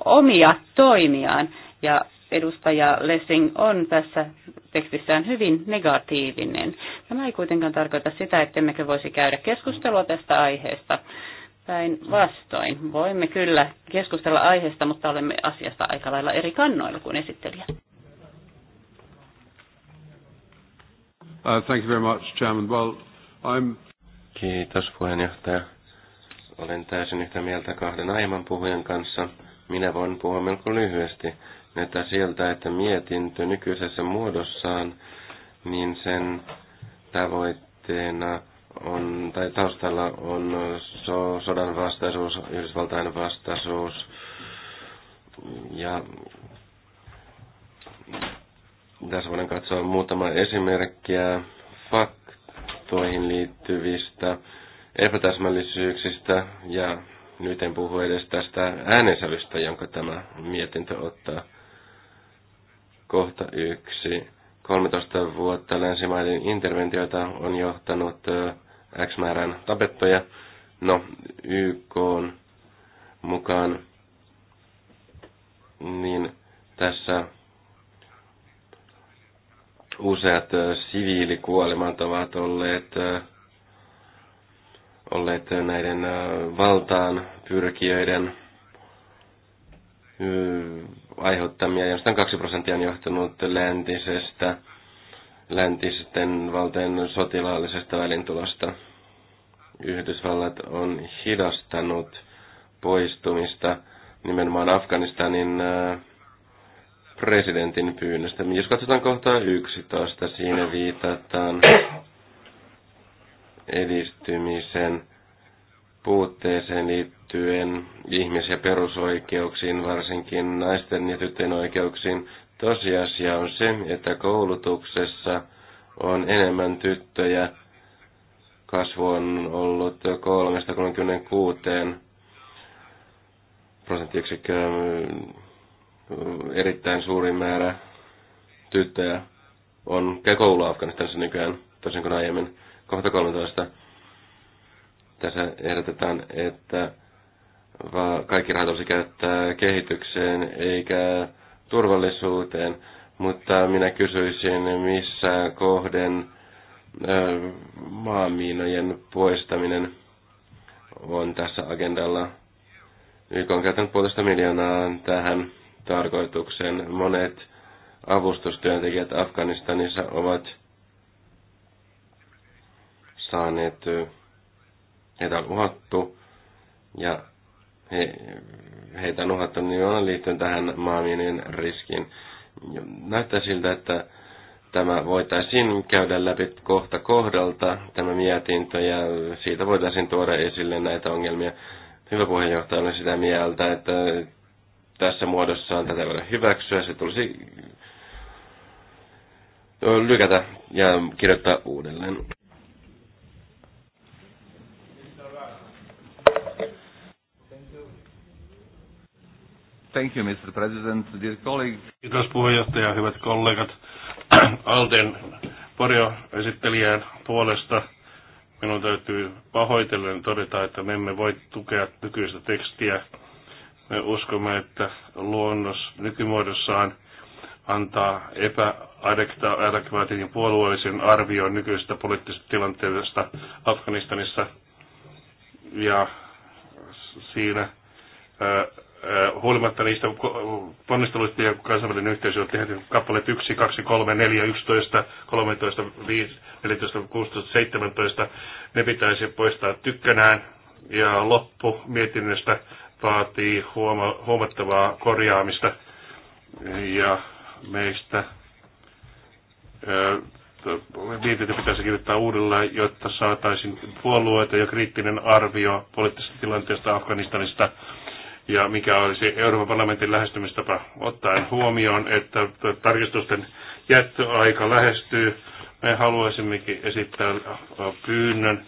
omia toimiaan ja edustaja Lessing on tässä tekstissään hyvin negatiivinen. Tämä ei kuitenkaan tarkoita sitä, että emmekö voisi käydä keskustelua tästä aiheesta Päinvastoin. Voimme kyllä keskustella aiheesta, mutta olemme asiasta aika lailla eri kannoilla kuin esittelijä. Uh, thank you very much, Chairman. Well, I'm... Kiitos puheenjohtaja. Olen täysin yhtä mieltä kahden aiemman puhujan kanssa. Minä voin puhua melko lyhyesti. että siltä, että mietintö nykyisessä muodossaan, niin sen tavoitteena – on, tai taustalla on so, sodan vastaisuus, Yhdysvaltain vastaisuus ja tässä voidaan katsoa muutama esimerkkiä faktoihin liittyvistä epätäsmällisyyksistä ja nyt en puhu edes tästä äänensävystä, jonka tämä mietintö ottaa. Kohta yksi. 13 vuotta länsimaiden interventioita on johtanut X määrän tapettuja. No, YK on mukaan, niin tässä useat siviilikuolemat ovat olleet, olleet näiden valtaan pyrkijöiden aiheuttamia, jostain 2 prosenttia on johtunut läntisestä läntisten valtojen sotilaallisesta välintulosta. Yhdysvallat on hidastanut poistumista nimenomaan Afganistanin äh, presidentin pyynnöstä. Jos katsotaan kohtaa 11, siinä viitataan edistymisen puutteeseen liittyen ihmis- ja perusoikeuksiin, varsinkin naisten ja tyttöjen oikeuksiin, Tosiasia on se, että koulutuksessa on enemmän tyttöjä. Kasvu on ollut 3-36 prosenttiyksikköä mm, erittäin suuri määrä tyttöjä on käy koulua Afganistanissa nykyään, tosin kuin aiemmin. Kohta 13. Tässä ehdotetaan, että kaikki rahat olisi käyttää kehitykseen, eikä turvallisuuteen, mutta minä kysyisin, missä kohden maamiinojen poistaminen on tässä agendalla. YK on käytänyt puolesta miljoonaa tähän tarkoitukseen. Monet avustustyöntekijät Afganistanissa ovat saaneet, heitä on uhattu ja he heitä nuhattu, niin on liittyen tähän maaminen riskiin. Näyttää siltä, että tämä voitaisiin käydä läpi kohta kohdalta, tämä mietintö, ja siitä voitaisiin tuoda esille näitä ongelmia. Hyvä puheenjohtaja, on sitä mieltä, että tässä muodossaan tätä voidaan hyväksyä, se tulisi lykätä ja kirjoittaa uudelleen. Thank you, Mr. President, dear colleagues. Kiitos puheenjohtaja, hyvät kollegat. Alten varjoesittelijän puolesta minun täytyy pahoitellen todeta, että me emme voi tukea nykyistä tekstiä. Me uskomme, että luonnos nykymuodossaan antaa epäadekvaatin puolueellisen arvion nykyisestä poliittisesta tilanteesta Afganistanissa. Ja siinä huolimatta niistä ponnisteluista ja kansainvälinen yhteisö on tehnyt kappaleet 1, 2, 3, 4, 11, 13, 5, 14, 16, 17. Ne pitäisi poistaa tykkänään ja loppu mietinnöstä vaatii huoma- huomattavaa korjaamista ja meistä mietintö pitäisi kirjoittaa uudelleen, jotta saataisiin puolueita ja kriittinen arvio poliittisesta tilanteesta Afganistanista ja mikä olisi Euroopan parlamentin lähestymistapa ottaen huomioon, että tarkistusten jättöaika lähestyy. Me haluaisimmekin esittää äh, pyynnön,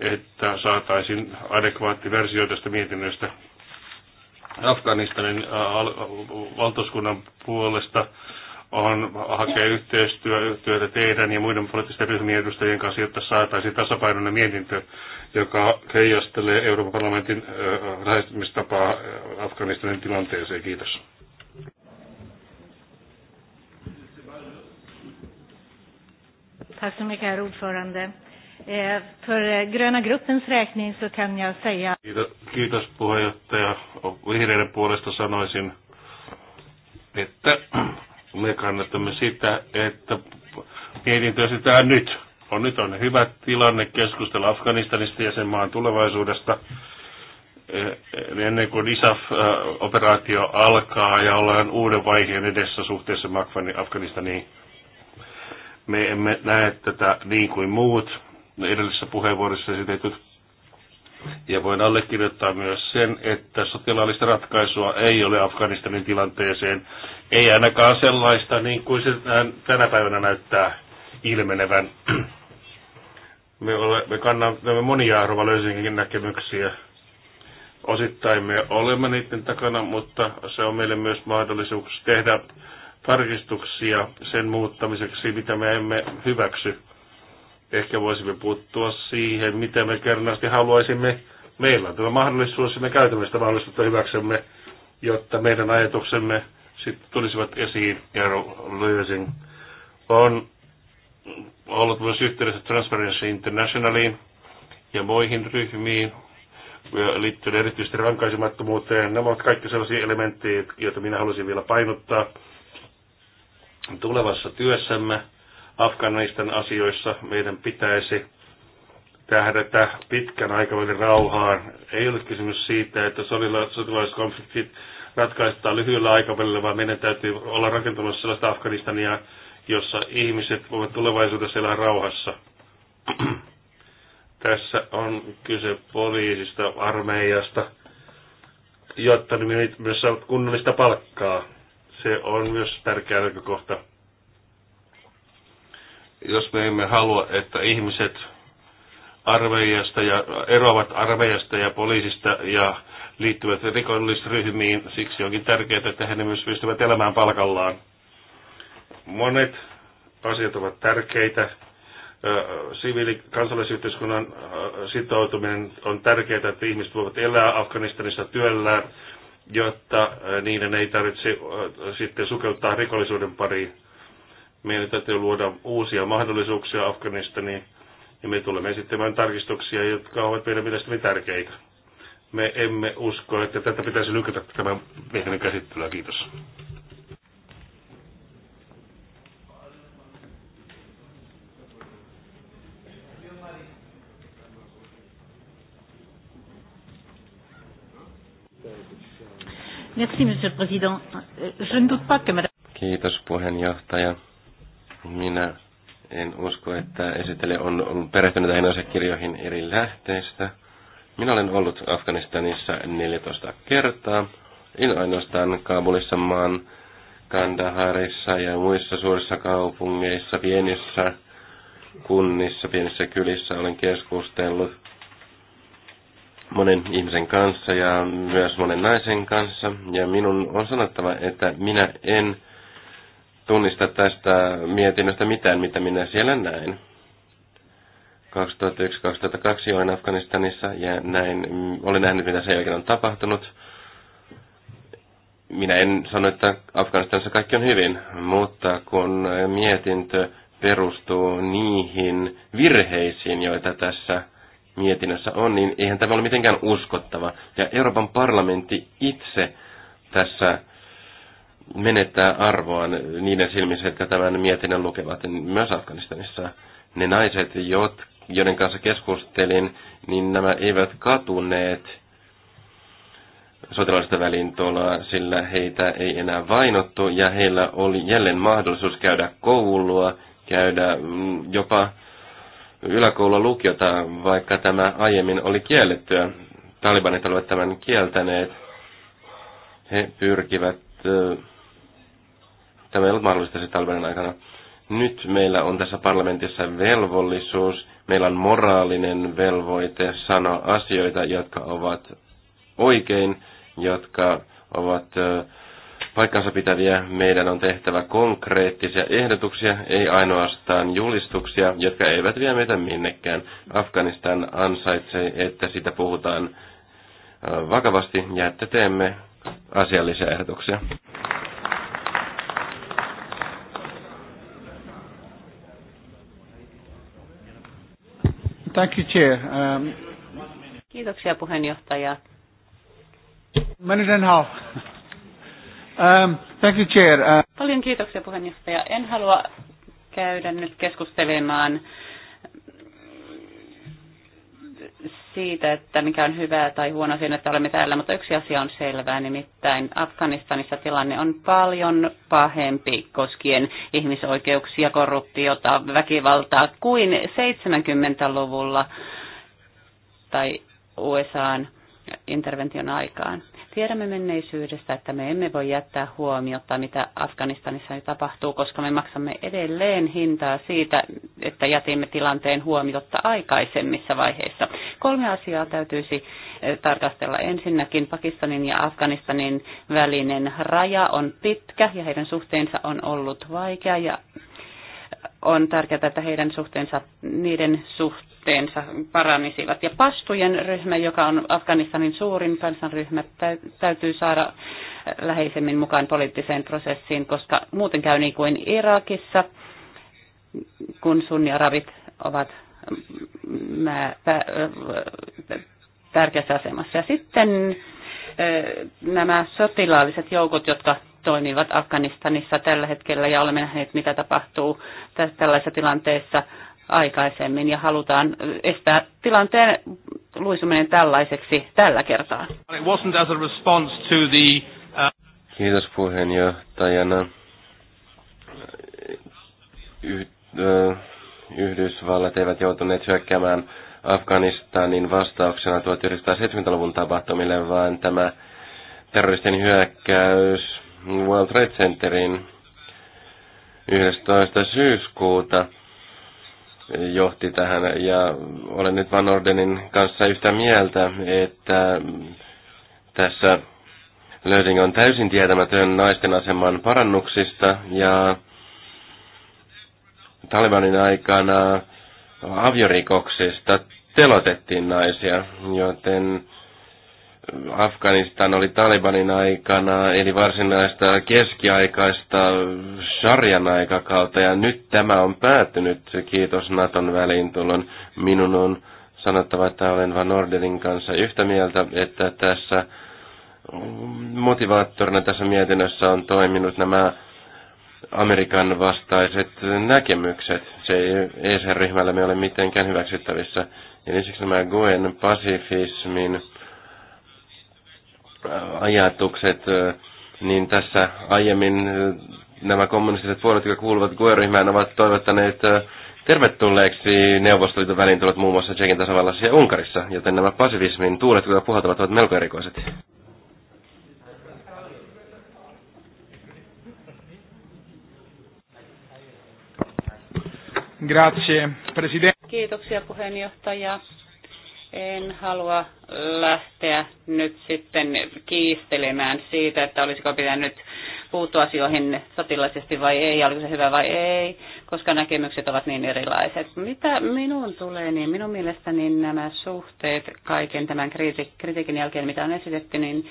että saataisiin adekvaatti versio tästä mietinnöstä Afganistanin äh, valtuuskunnan puolesta on hakea yhteistyötä teidän ja muiden poliittisten ryhmien edustajien kanssa, jotta saataisiin tasapainoinen mietintö joka heijastelee Euroopan parlamentin lähestymistapaa Afganistanin tilanteeseen. Kiitos. Tack så mycket, herr ordförande. Eh, för eh, gröna gruppens räkning så kan jag säga... Kiitos puheenjohtaja. Vihreiden puolesta sanoisin, että me kannatamme sitä, että mietintö sitä nyt on nyt on hyvä tilanne keskustella Afganistanista ja sen maan tulevaisuudesta e, ennen kuin ISAF-operaatio alkaa ja ollaan uuden vaiheen edessä suhteessa Afganistaniin. Me emme näe tätä niin kuin muut edellisessä puheenvuorossa esitetyt. Ja voin allekirjoittaa myös sen, että sotilaallista ratkaisua ei ole Afganistanin tilanteeseen. Ei ainakaan sellaista, niin kuin se tänä päivänä näyttää ilmenevän. Me, ole, me kannamme monia arvoa löysinkin näkemyksiä. Osittain me olemme niiden takana, mutta se on meille myös mahdollisuus tehdä tarkistuksia sen muuttamiseksi, mitä me emme hyväksy. Ehkä voisimme puuttua siihen, mitä me kernaasti haluaisimme. Meillä on tämä mahdollisuus ja me käytämme sitä mahdollisuutta hyväksemme, jotta meidän ajatuksemme sitten tulisivat esiin. Ja Löysing on ollut myös yhteydessä Transparency Internationaliin ja muihin ryhmiin liittyen erityisesti rankaisemattomuuteen. Nämä ovat kaikki sellaisia elementtejä, joita minä halusin vielä painottaa tulevassa työssämme Afganistan asioissa. Meidän pitäisi tähdätä pitkän aikavälin rauhaan. Ei ole kysymys siitä, että sotilaalliset konfliktit ratkaistaan lyhyellä aikavälillä, vaan meidän täytyy olla rakentamassa sellaista Afganistania, jossa ihmiset voivat tulevaisuudessa elää rauhassa. Tässä on kyse poliisista, armeijasta, jotta ne myös saavat kunnollista palkkaa. Se on myös tärkeä näkökohta. Jos me emme halua, että ihmiset armeijasta ja eroavat armeijasta ja poliisista ja liittyvät rikollisryhmiin. Siksi onkin tärkeää, että he myös pystyvät elämään palkallaan. Monet asiat ovat tärkeitä. Siviili- kansalaisyhteiskunnan sitoutuminen on tärkeää, että ihmiset voivat elää Afganistanissa työllään, jotta niiden ei tarvitse sitten sukeltaa rikollisuuden pariin. Meidän täytyy luoda uusia mahdollisuuksia Afganistaniin ja me tulemme esittämään tarkistuksia, jotka ovat meidän mielestäni tärkeitä. Me emme usko, että tätä pitäisi lykätä tämän meidän käsittelyä. Kiitos. Merci, monsieur le président. Je ne doute pas que madame... Kiitos puheenjohtaja. Minä en usko, että esittelijä on ollut perehtynyt näihin asiakirjoihin eri lähteistä. Minä olen ollut Afganistanissa 14 kertaa, en ainoastaan Kabulissa, maan Kandaharissa ja muissa suurissa kaupungeissa, pienissä kunnissa, pienissä kylissä olen keskustellut monen ihmisen kanssa ja myös monen naisen kanssa. Ja minun on sanottava, että minä en tunnista tästä mietinnöstä mitään, mitä minä siellä näin. 2001-2002 olin Afganistanissa ja näin, olen nähnyt, mitä se jälkeen on tapahtunut. Minä en sano, että Afganistanissa kaikki on hyvin, mutta kun mietintö perustuu niihin virheisiin, joita tässä mietinnössä on, niin eihän tämä ole mitenkään uskottava. Ja Euroopan parlamentti itse tässä menettää arvoaan niiden silmissä, jotka tämän mietinnön lukevat. Myös Afganistanissa ne naiset, joiden kanssa keskustelin, niin nämä eivät katuneet sotilaallista väliintuloa, sillä heitä ei enää vainottu ja heillä oli jälleen mahdollisuus käydä koulua, käydä mm, jopa yläkoulun lukiota, vaikka tämä aiemmin oli kiellettyä. Talibanit olivat tämän kieltäneet. He pyrkivät, tämä ei ollut mahdollista se Talibanin aikana. Nyt meillä on tässä parlamentissa velvollisuus, meillä on moraalinen velvoite sanoa asioita, jotka ovat oikein, jotka ovat paikkansa pitäviä. Meidän on tehtävä konkreettisia ehdotuksia, ei ainoastaan julistuksia, jotka eivät vie meitä minnekään. Afganistan ansaitsee, että sitä puhutaan vakavasti ja että teemme asiallisia ehdotuksia. Thank you, Chair. Um, Kiitoksia puheenjohtaja. Minute and half. Um, thank you, Chair. Uh... Paljon kiitoksia puheenjohtaja. En halua käydä nyt keskustelemaan siitä, että mikä on hyvää tai huono siinä, että olemme täällä, mutta yksi asia on selvää, nimittäin Afganistanissa tilanne on paljon pahempi koskien ihmisoikeuksia, korruptiota, väkivaltaa kuin 70-luvulla tai USAn intervention aikaan. Tiedämme menneisyydestä, että me emme voi jättää huomiota, mitä Afganistanissa nyt tapahtuu, koska me maksamme edelleen hintaa siitä, että jätimme tilanteen huomiota aikaisemmissa vaiheissa. Kolme asiaa täytyisi eh, tarkastella. Ensinnäkin Pakistanin ja Afganistanin välinen raja on pitkä ja heidän suhteensa on ollut vaikea ja on tärkeää, että heidän suhteensa, niiden suht, suhteensa paranisivat. Ja pastujen ryhmä, joka on Afganistanin suurin kansanryhmä, täytyy saada läheisemmin mukaan poliittiseen prosessiin, koska muuten käy niin kuin Irakissa, kun sunniarabit ovat tärkeässä asemassa. Ja sitten nämä sotilaalliset joukot, jotka toimivat Afganistanissa tällä hetkellä ja olemme nähneet, mitä tapahtuu tällaisessa tilanteessa aikaisemmin ja halutaan estää tilanteen luisuminen tällaiseksi tällä kertaa. Uh, Kiitos puheenjohtajana. Y- uh, Yhdysvallat eivät joutuneet hyökkäämään Afganistanin vastauksena 1970-luvun tapahtumille, vaan tämä terroristin hyökkäys World Trade Centerin 11. syyskuuta – johti tähän. Ja olen nyt Van Ordenin kanssa yhtä mieltä, että tässä Löding on täysin tietämätön naisten aseman parannuksista ja Talibanin aikana aviorikoksista telotettiin naisia, joten Afganistan oli Talibanin aikana, eli varsinaista keskiaikaista sarjan aikakautta, ja nyt tämä on päättynyt, kiitos Naton väliintulon. Minun on sanottava, että olen Van Ordenin kanssa yhtä mieltä, että tässä motivaattorina tässä mietinnössä on toiminut nämä Amerikan vastaiset näkemykset. Se ei ESR-ryhmällä me ole mitenkään hyväksyttävissä. eli siksi nämä Goen pasifismin ajatukset, niin tässä aiemmin nämä kommunistiset puolet, jotka kuuluvat GUE-ryhmään, ovat toivottaneet tervetulleeksi Neuvostoliiton väliintulot muun muassa Tsekin tasavallassa ja Unkarissa, joten nämä pasivismin tuulet, jotka puhaltavat, ovat melko erikoiset. Grazie, Kiitoksia puheenjohtaja. En halua lähteä nyt sitten kiistelemään siitä, että olisiko pitänyt puuttua asioihin sotilaisesti vai ei, oliko se hyvä vai ei, koska näkemykset ovat niin erilaiset. Mitä minun tulee, niin minun mielestäni nämä suhteet kaiken tämän kritiikin jälkeen, mitä on esitetty, niin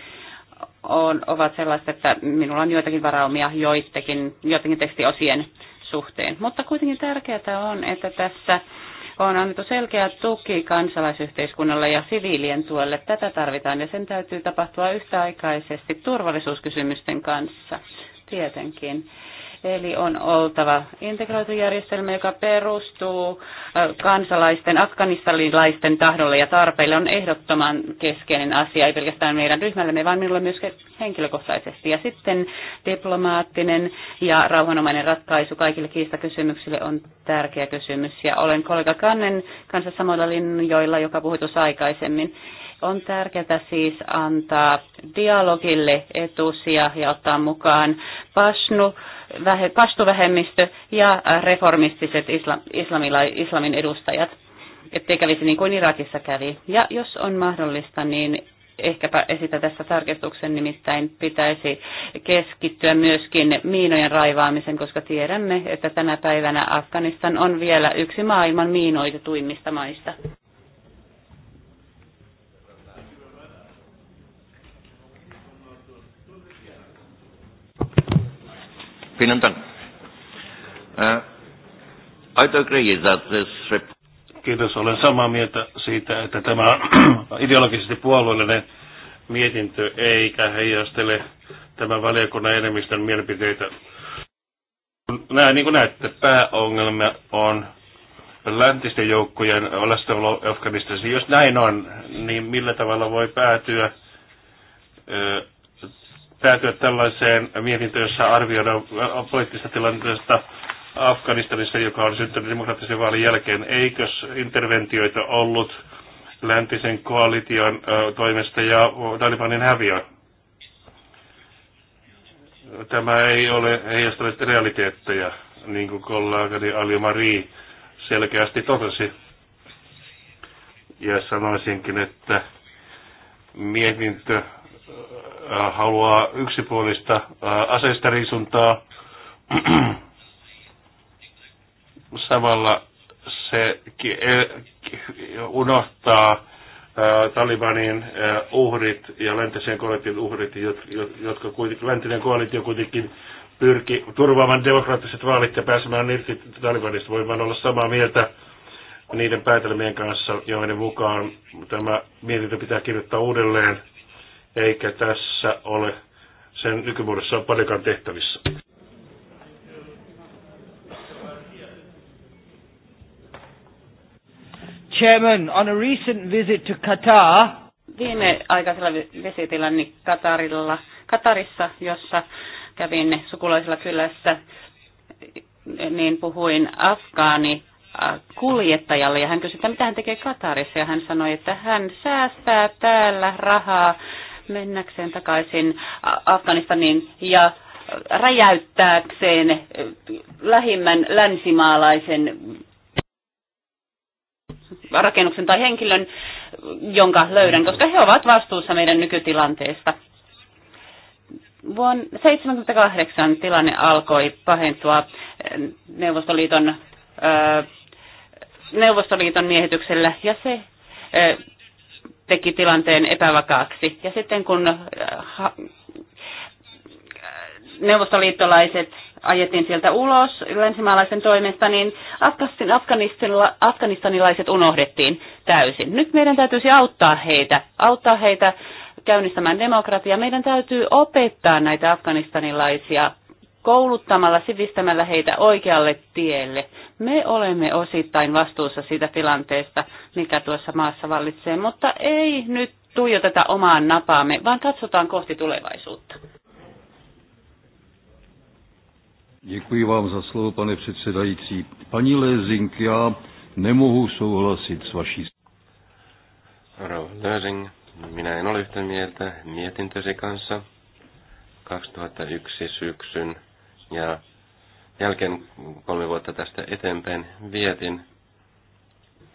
on, ovat sellaiset, että minulla on joitakin varaumia joitakin, joitakin tekstiosien suhteen. Mutta kuitenkin tärkeää on, että tässä on annettu selkeä tuki kansalaisyhteiskunnalle ja siviilien tuelle. Tätä tarvitaan ja sen täytyy tapahtua yhtäaikaisesti turvallisuuskysymysten kanssa, tietenkin. Eli on oltava integroitu järjestelmä, joka perustuu kansalaisten, afganistanilaisten tahdolle ja tarpeille. On ehdottoman keskeinen asia, ei pelkästään meidän ryhmällemme, vaan minulle myös henkilökohtaisesti. Ja sitten diplomaattinen ja rauhanomainen ratkaisu kaikille kiistakysymyksille on tärkeä kysymys. Ja olen kollega Kannen kanssa samoilla linjoilla, joka puhui tuossa aikaisemmin on tärkeää siis antaa dialogille etusia ja ottaa mukaan pasnu kastuvähemmistö ja reformistiset islam, islamila, islamin edustajat, ettei kävisi niin kuin Irakissa kävi. Ja jos on mahdollista, niin ehkäpä esitä tässä tarkistuksen, nimittäin pitäisi keskittyä myöskin miinojen raivaamisen, koska tiedämme, että tänä päivänä Afganistan on vielä yksi maailman miinoitetuimmista maista. Vielen Dank. Äh, Kiitos, olen samaa mieltä siitä, että tämä ideologisesti puolueellinen mietintö eikä heijastele tämän valiokunnan enemmistön mielipiteitä. Nämä, niin kuin näette, pääongelma on läntisten joukkojen läsnäolo Afganistanissa. Jos näin on, niin millä tavalla voi päätyä päätyä tällaiseen mietintöön, jossa arvioidaan äh, poliittista tilannetta Afganistanissa, joka on syntynyt demokraattisen vaalin jälkeen. Eikös interventioita ollut läntisen koalition äh, toimesta ja Talibanin häviö? Tämä ei ole heijastanut realiteetteja, niin kuin kollegani Ali Marie selkeästi totesi. Ja sanoisinkin, että mietintö haluaa yksipuolista aseistariisuntaa. Samalla se e- unohtaa Talibanin uhrit ja läntisen koalition uhrit, jotka kuitenkin, läntinen koalitio kuitenkin pyrki turvaamaan demokraattiset vaalit ja pääsemään irti Talibanista. Voi vain olla samaa mieltä niiden päätelmien kanssa, joiden mukaan tämä mietintö pitää kirjoittaa uudelleen eikä tässä ole sen nykymuodossa on paljonkaan tehtävissä. Chairman, on a recent visit to Qatar. Viime aikaisella vesitillani Katarilla, Katarissa, jossa kävin sukulaisella kylässä, niin puhuin afgaani kuljettajalle ja hän kysyi, että mitä hän tekee Katarissa ja hän sanoi, että hän säästää täällä rahaa mennäkseen takaisin Afganistaniin ja räjäyttääkseen lähimmän länsimaalaisen rakennuksen tai henkilön, jonka löydän, koska he ovat vastuussa meidän nykytilanteesta. Vuonna 1978 tilanne alkoi pahentua Neuvostoliiton, Neuvostoliiton miehityksellä ja se teki tilanteen epävakaaksi. Ja sitten kun äh, äh, neuvostoliittolaiset ajettiin sieltä ulos länsimaalaisen toimesta, niin afganistanilaiset unohdettiin täysin. Nyt meidän täytyisi auttaa heitä, auttaa heitä käynnistämään demokratiaa. Meidän täytyy opettaa näitä afganistanilaisia kouluttamalla, sivistämällä heitä oikealle tielle. Me olemme osittain vastuussa siitä tilanteesta, mikä tuossa maassa vallitsee, mutta ei nyt tuijoteta omaan napaamme, vaan katsotaan kohti tulevaisuutta. Děkuji vám za slovo, pane předsedající. Paní Lézing, já nemohu souhlasit s vaší... Rauha Lösing, minä en ole yhtä mieltä mietintösi kanssa. 2001 syksyn ja jälkeen kolme vuotta tästä eteenpäin vietin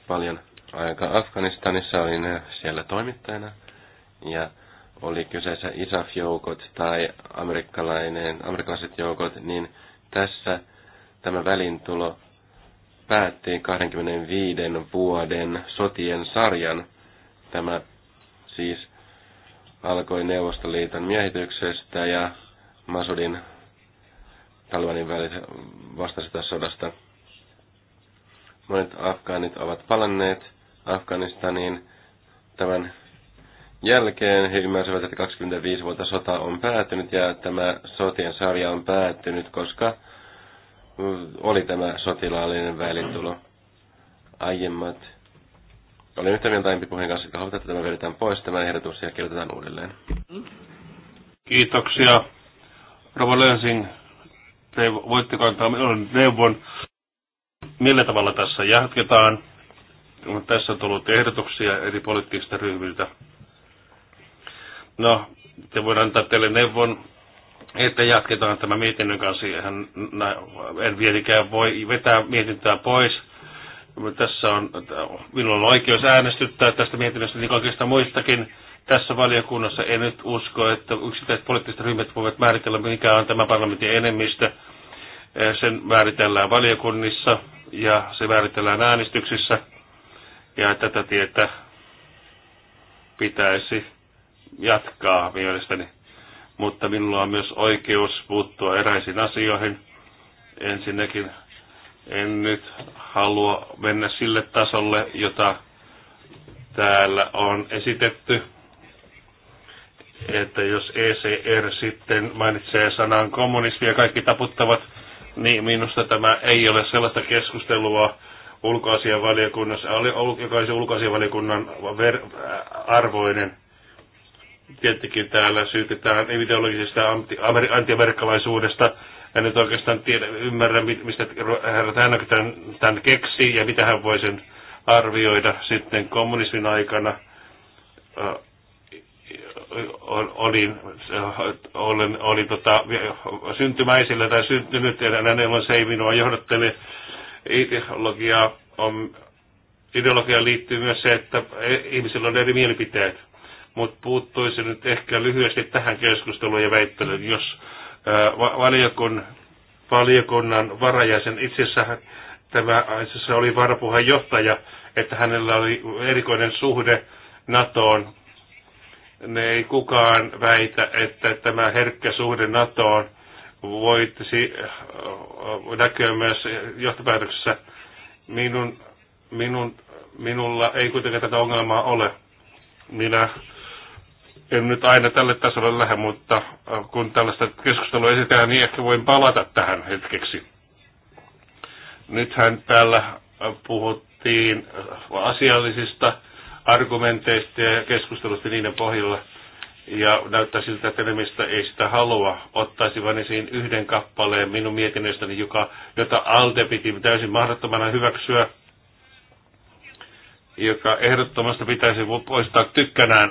paljon aikaa Afganistanissa, olin siellä toimittajana ja oli kyseessä ISAF-joukot tai amerikkalainen, amerikkalaiset joukot, niin tässä tämä välintulo päätti 25 vuoden sotien sarjan. Tämä siis alkoi Neuvostoliiton miehityksestä ja Masudin Talibanin vastaisesta sodasta. Monet afgaanit ovat palanneet Afganistaniin. Tämän jälkeen he ymmärsivät, että 25 vuotta sota on päättynyt ja tämä sotien sarja on päättynyt, koska oli tämä sotilaallinen välitulo Aiemmat olin yhtä mieltä aiempi puheen kanssa, että halutaan, että tämä vedetään pois, tämä ehdotus ja kirjoitetaan uudelleen. Kiitoksia. Rova Lensing, neuvo, voitte kantaa minulle neuvon, millä tavalla tässä jatketaan. Tässä on tullut ehdotuksia eri poliittisista ryhmiltä. No, te voin antaa teille neuvon, että jatketaan tämä mietinnön kanssa. Eihän, en vieläkään voi vetää mietintää pois. Tässä on, minulla on oikeus äänestyttää tästä mietinnöstä, niin kaikista muistakin tässä valiokunnassa en nyt usko, että yksittäiset poliittiset ryhmät voivat määritellä, mikä on tämä parlamentin enemmistö. Eh, sen määritellään valiokunnissa ja se määritellään äänestyksissä. Ja tätä tietä pitäisi jatkaa mielestäni. Mutta minulla on myös oikeus puuttua eräisiin asioihin. Ensinnäkin en nyt halua mennä sille tasolle, jota täällä on esitetty että jos ECR sitten mainitsee sanan kommunismi ja kaikki taputtavat, niin minusta tämä ei ole sellaista keskustelua ulkoasianvaliokunnassa, joka olisi ulkoasianvaliokunnan arvoinen. Tietenkin täällä syytetään ideologisesta antiamerikkalaisuudesta. En nyt oikeastaan tiedä, ymmärrä, mistä herra tämän, tämän keksi ja mitä hän voi sen arvioida sitten kommunismin aikana olin, olen, olin tota, syntymäisillä tai syntynyt, ja hänellä se ei minua johdattele. Ideologia on, ideologiaan liittyy myös se, että ihmisillä on eri mielipiteet. Mutta puuttuisin nyt ehkä lyhyesti tähän keskusteluun ja väittelyyn, jos valiokunnan, valiokunnan varajäsen itse tämä itse oli varapuheenjohtaja, että hänellä oli erikoinen suhde NATOon ne ei kukaan väitä, että tämä herkkä suhde NATOon voisi äh, näkyä myös johtopäätöksessä. Minun, minun, minulla ei kuitenkaan tätä ongelmaa ole. Minä en nyt aina tälle tasolle lähde, mutta äh, kun tällaista keskustelua esitetään, niin ehkä voin palata tähän hetkeksi. Nythän täällä äh, puhuttiin asiallisista argumenteista ja keskustelusta niiden pohjalla. Ja näyttää siltä, että enemmistö ei sitä halua. Ottaisi vain esiin yhden kappaleen minun mietinnöstäni, joka, jota Alde piti täysin mahdottomana hyväksyä, joka ehdottomasti pitäisi poistaa tykkänään,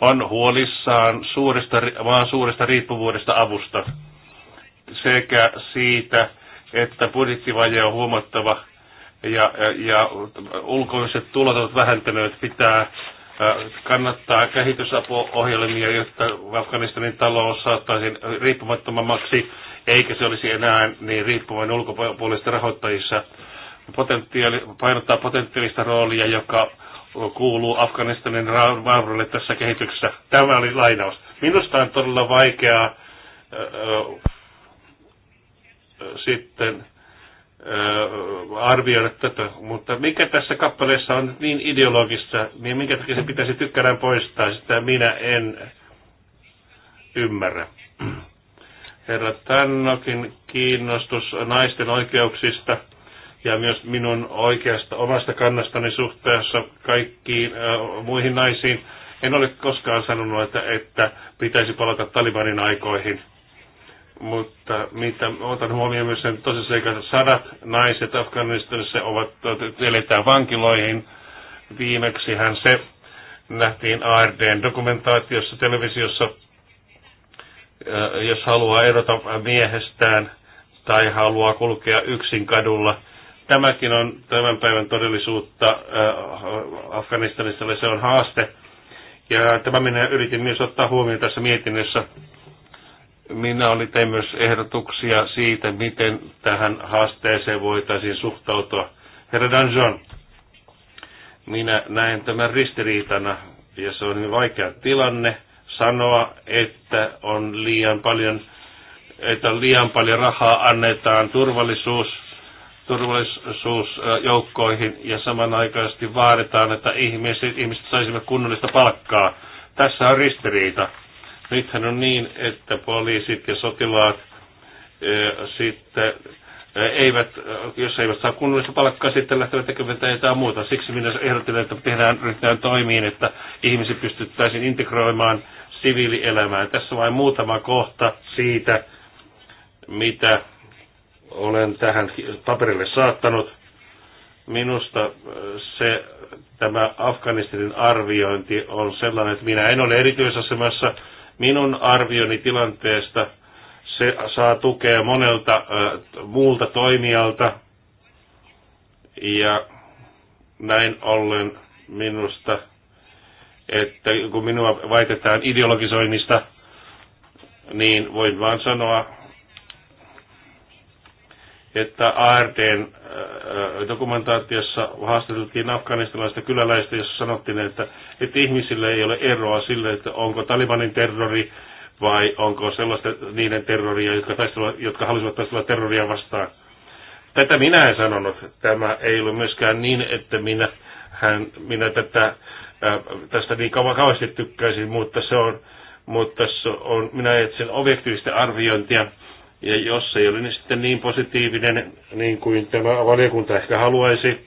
on huolissaan suuresta, maan suuresta riippuvuudesta avusta sekä siitä, että budjettivaje on huomattava ja, ja ulkoiset tulot ovat vähentyneet, pitää kannattaa kehitysapuohjelmia, jotta Afganistanin talous saattaisiin riippumattomammaksi, eikä se olisi enää niin riippuvainen ulkopuolista rahoittajissa. Potentiaali, painottaa potentiaalista roolia, joka kuuluu Afganistanin vaurulle tässä kehityksessä. Tämä oli lainaus. Minusta on todella vaikeaa sitten arvioida tätä, mutta mikä tässä kappaleessa on nyt niin ideologista, niin minkä takia se pitäisi tykkänään poistaa, sitä minä en ymmärrä. Herra Tannokin kiinnostus naisten oikeuksista ja myös minun oikeasta omasta kannastani suhteessa kaikkiin äh, muihin naisiin. En ole koskaan sanonut, että, että pitäisi palata Talibanin aikoihin – mutta mitä otan huomioon myös sen tosiasiassa, että sadat naiset Afganistanissa ovat eletään vankiloihin. Viimeksihän se nähtiin ARDn dokumentaatiossa televisiossa, jos haluaa erota miehestään tai haluaa kulkea yksin kadulla. Tämäkin on tämän päivän todellisuutta Afganistanissa, se on haaste. Ja tämä minä yritin myös ottaa huomioon tässä mietinnössä minä oli tein myös ehdotuksia siitä, miten tähän haasteeseen voitaisiin suhtautua. Herra Danjon, minä näen tämän ristiriitana, ja se on niin vaikea tilanne sanoa, että on liian paljon, että liian paljon rahaa annetaan turvallisuus, turvallisuusjoukkoihin ja samanaikaisesti vaaditaan, että ihmiset, ihmiset saisivat kunnollista palkkaa. Tässä on ristiriita Nythän on niin, että poliisit ja sotilaat sitten eivät, jos eivät saa kunnollista palkkaa, sitten lähtevät tekemään jotain muuta. Siksi minä ehdotin, että tehdään ryhdytään toimiin, että ihmiset pystyttäisiin integroimaan siviilielämään. Tässä vain muutama kohta siitä, mitä olen tähän paperille saattanut. Minusta se, tämä Afganistanin arviointi on sellainen, että minä en ole erityisasemassa – Minun arvioni tilanteesta se saa tukea monelta äh, muulta toimijalta ja näin ollen minusta, että kun minua väitetään ideologisoinnista, niin voin vaan sanoa, että ARDn äh, äh, dokumentaatiossa haastateltiin afganistalaista kyläläistä, jossa sanottiin, että, että ihmisillä ei ole eroa sille, että onko Talibanin terrori vai onko sellaista niiden terroria, jotka, taistella, jotka halusivat taistella terroria vastaan. Tätä minä en sanonut. Tämä ei ole myöskään niin, että minä, hän, minä tätä, äh, tästä niin kauan tykkäisin, mutta se on, mutta se on, minä etsin objektiivista arviointia ja jos ei ole niin sitten niin positiivinen, niin kuin tämä valiokunta ehkä haluaisi,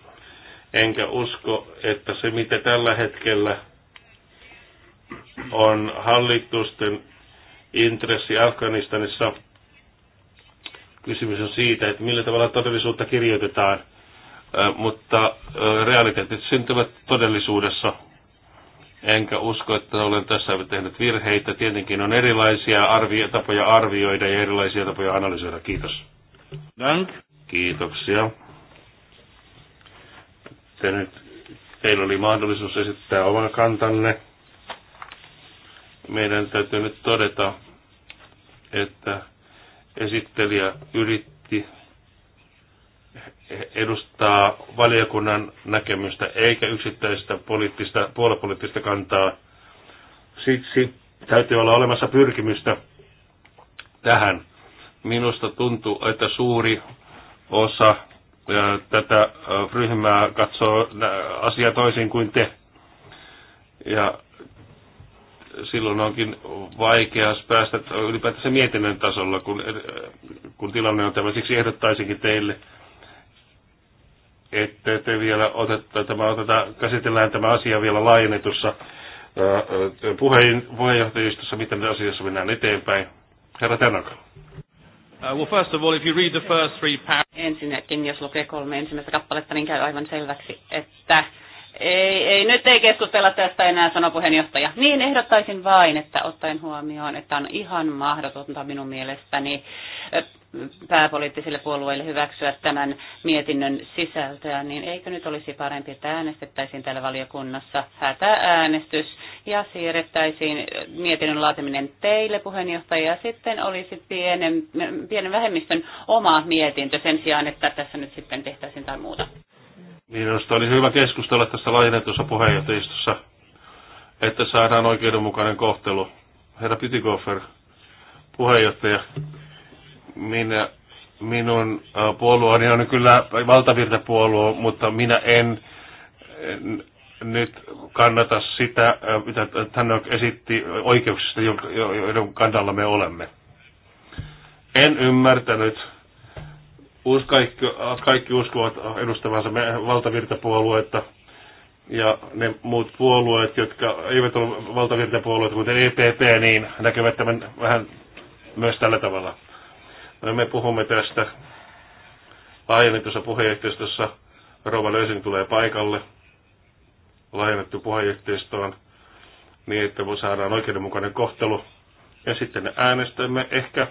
enkä usko, että se mitä tällä hetkellä on hallitusten intressi Afganistanissa, kysymys on siitä, että millä tavalla todellisuutta kirjoitetaan, mutta realiteetit syntyvät todellisuudessa Enkä usko, että olen tässä tehnyt virheitä. Tietenkin on erilaisia arvio, tapoja arvioida ja erilaisia tapoja analysoida. Kiitos. Dank. Kiitoksia. Te nyt, teillä oli mahdollisuus esittää oman kantanne. Meidän täytyy nyt todeta, että esittelijä yritti edustaa valiokunnan näkemystä eikä yksittäistä poliittista, puoluepoliittista kantaa. Siksi täytyy olla olemassa pyrkimystä tähän. Minusta tuntuu, että suuri osa tätä ryhmää katsoo asiaa toisin kuin te. Ja silloin onkin vaikea päästä se mietinnön tasolla, kun, kun tilanne on tämä. Siksi ehdottaisinkin teille, että te vielä otetta, tämä oteta, käsitellään tämä asia vielä laajennetussa puheenjohtajistossa, miten asiassa mennään eteenpäin. Herra Tänaka. Uh, well, first of all, if you read the first three Ensinnäkin, jos lukee kolme ensimmäistä kappaletta, niin käy aivan selväksi, että ei, ei, nyt ei keskustella tästä enää, sanoi puheenjohtaja. Niin, ehdottaisin vain, että ottaen huomioon, että on ihan mahdotonta minun mielestäni pääpoliittisille puolueille hyväksyä tämän mietinnön sisältöä, niin eikö nyt olisi parempi, että äänestettäisiin täällä valiokunnassa hätääänestys ja siirrettäisiin mietinnön laatiminen teille puheenjohtaja ja sitten olisi pienen, pienen vähemmistön oma mietintö sen sijaan, että tässä nyt sitten tehtäisiin tai muuta. Minusta oli hyvä keskustella tässä laajennetussa puheenjohtajistossa, että saadaan oikeudenmukainen kohtelu. Herra Pytikoffer, puheenjohtaja, minä, minun puolueeni on kyllä valtavirtapuolue, mutta minä en, en nyt kannata sitä, mitä hän esitti oikeuksista, joiden kannalla me olemme. En ymmärtänyt Us, kaikki, kaikki uskovat edustavansa valtavirtapuoluetta ja ne muut puolueet, jotka eivät ole valtavirtapuolueita, kuten EPP, niin näkevät tämän vähän myös tällä tavalla. No, me puhumme tästä aiemmin tuossa puheenjohtajistossa. Rova Löysin tulee paikalle, laajennettu puheenjohtajistoon, niin että saadaan oikeudenmukainen kohtelu. Ja sitten äänestämme ehkä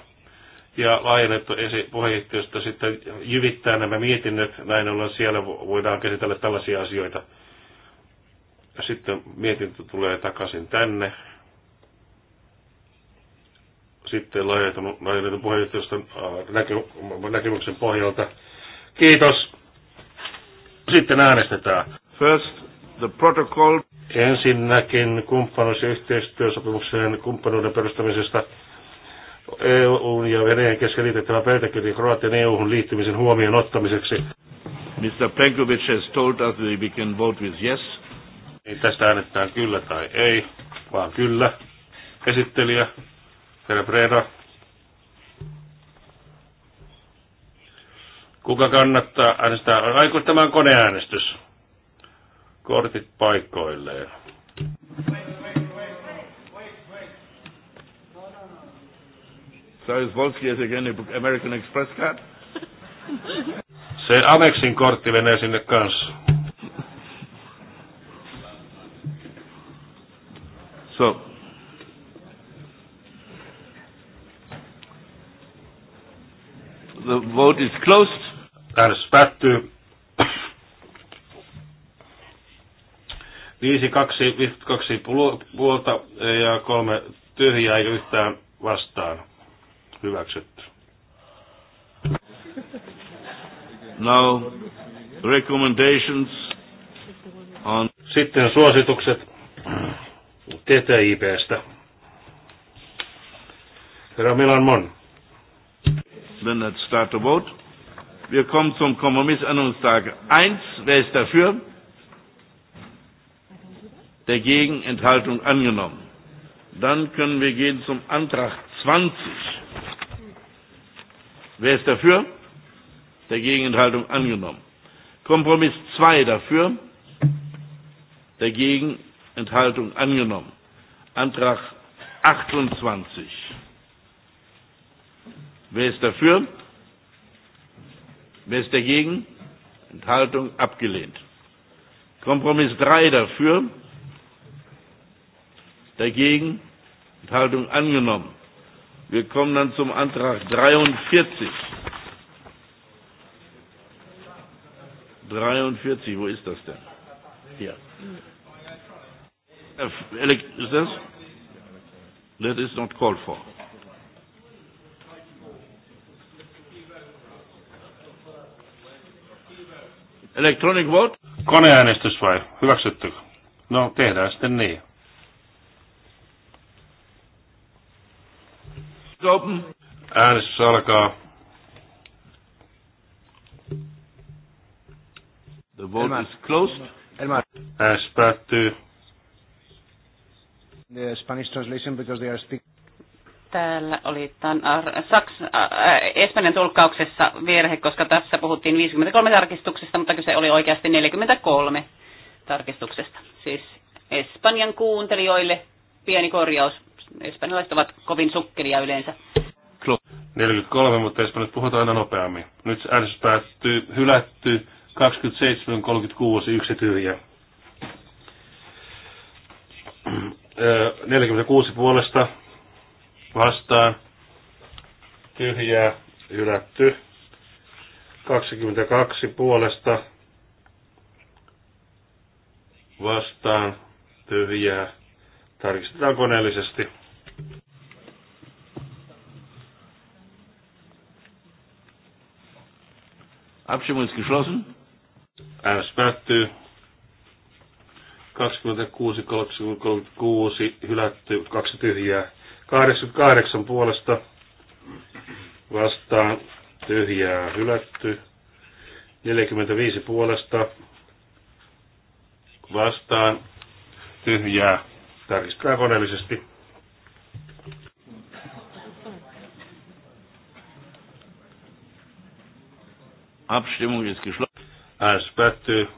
ja laajennettu esi- puheenjohtajista sitten jyvittää nämä mietinnöt. Näin ollen siellä voidaan käsitellä tällaisia asioita. ja Sitten mietintö tulee takaisin tänne. Sitten laajennettu puheenjohtajista äh, näkemyksen pohjalta. Kiitos. Sitten äänestetään. First, the protocol. Ensinnäkin kumppanuus- ja yhteistyösopimuksen kumppanuuden perustamisesta – EU ja Venäjän kesken liitettävä pöytäkirja Kroatian EUhun liittymisen huomioon ottamiseksi. Mr. Plenkovic has told us that we can vote with yes. Ei tästä äänetään kyllä tai ei, vaan kyllä. Esittelijä, herra Breda. Kuka kannattaa äänestää? Aiko tämän koneäänestys? Kortit paikoilleen. Cyrus Volsky has again an niin American Express card. Se Amexin kortti menee sinne kanssa. So, the vote is closed. Äänestys päättyy. 5, 2, 2 puolta ja kolme tyhjää eikä yhtään vastaan hyväksytty. Now, recommendations on... Sitten suositukset TTIPstä. Herra Milan Mon. Then let's start the vote. Wir kommen zum Kompromissänderungstag 1. Wer ist dafür? Dagegen Enthaltung angenommen. Dann können wir gehen zum Antrag 20. Wer ist dafür? Der Gegenenthaltung angenommen. Kompromiss 2 dafür, der Gegenenthaltung angenommen. Antrag 28. Wer ist dafür? Wer ist dagegen? Enthaltung abgelehnt. Kompromiss 3 dafür, dagegen Enthaltung angenommen. Wir kommen dann zum Antrag 43. 43, wo ist das denn? Hier. Äh, ist das? That is not called for. Electronic vote? Koneäänestys vai? Hyväksytty? No, tehdään sitten niin. Äänestys alkaa. The vote is closed. Elmar. Äänestys päättyy. The Spanish translation because they are speaking. Täällä oli tämän äh, Saks, ä, äh, Espanjan tulkkauksessa virhe, koska tässä puhuttiin 53 tarkistuksesta, mutta kyse oli oikeasti 43 tarkistuksesta. Siis Espanjan kuuntelijoille pieni korjaus espanjalaiset ovat kovin sukkelia yleensä. 43, mutta espanjalaiset puhutaan aina nopeammin. Nyt äänestys päättyy, hylätty, 27-36, yksi tyhjä. 46 äh, puolesta vastaan, tyhjää, hylätty. 22 puolesta vastaan, tyhjää. Tarkistetaan koneellisesti. Abstimmung ist geschlossen. Äänestys päättyy. 26, 36, hylätty, kaksi tyhjää. 88 puolesta vastaan tyhjää hylätty. 45 puolesta vastaan tyhjää tarkistetaan koneellisesti. Abstimmung ist geschlossen. Äänestys päättyy.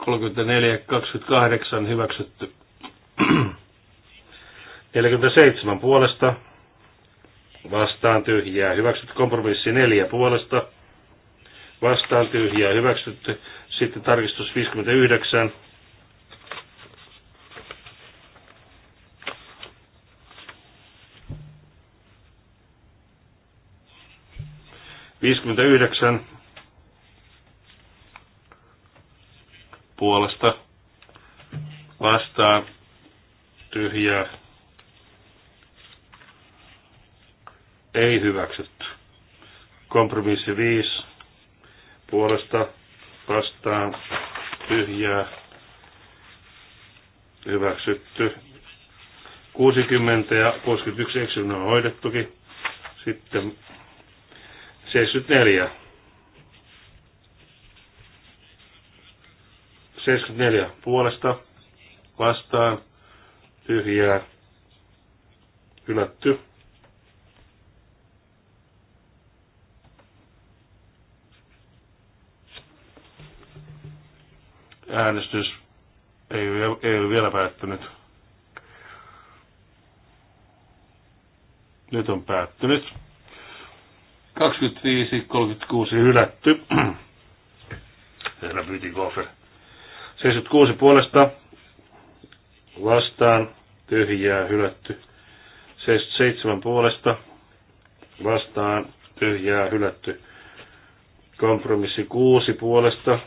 34.28 hyväksytty. 47 puolesta. Vastaan tyhjää hyväksytty. Kompromissi 4 puolesta. Vastaan tyhjää hyväksytty. Sitten tarkistus 59 59 puolesta vastaa tyhjää ei hyväksytty. Kompromissi 5 puolesta vastaan tyhjää hyväksytty. 60 ja 61 eksyminen on hoidettukin. Sitten 74. 74 puolesta vastaan tyhjää hylätty. Äänestys ei, ei ole vielä päättynyt. Nyt on päättynyt. 25, 36 hylätty. Herra Gopher. 76 puolesta vastaan tyhjää hylätty. 77 puolesta vastaan tyhjää hylätty. Kompromissi 6 puolesta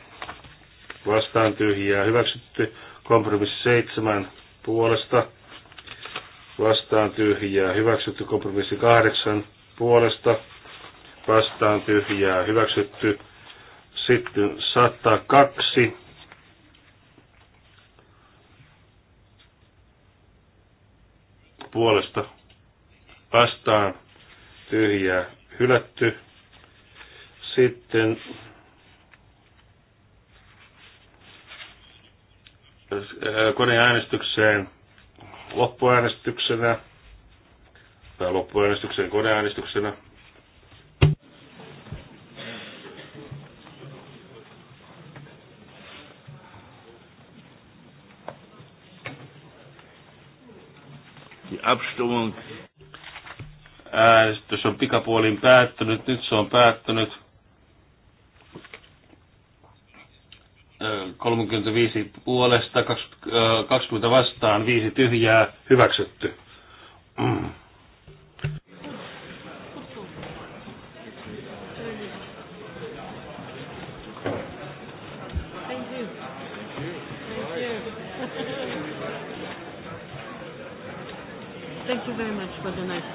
vastaan tyhjää hyväksytty. Kompromissi 7 puolesta vastaan tyhjää hyväksytty. Kompromissi 8 puolesta vastaan tyhjää hyväksytty. Sitten 102 puolesta vastaan tyhjää hylätty. Sitten koneäänestykseen loppuäänestyksenä tai loppuäänestykseen koneäänestyksenä Abstimmung. Äänestys on pikapuolin päättynyt. Nyt se on päättynyt. 35 puolesta, 20 vastaan, 5 tyhjää, hyväksytty. Mm.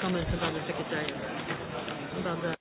kommer från andra sekretariat.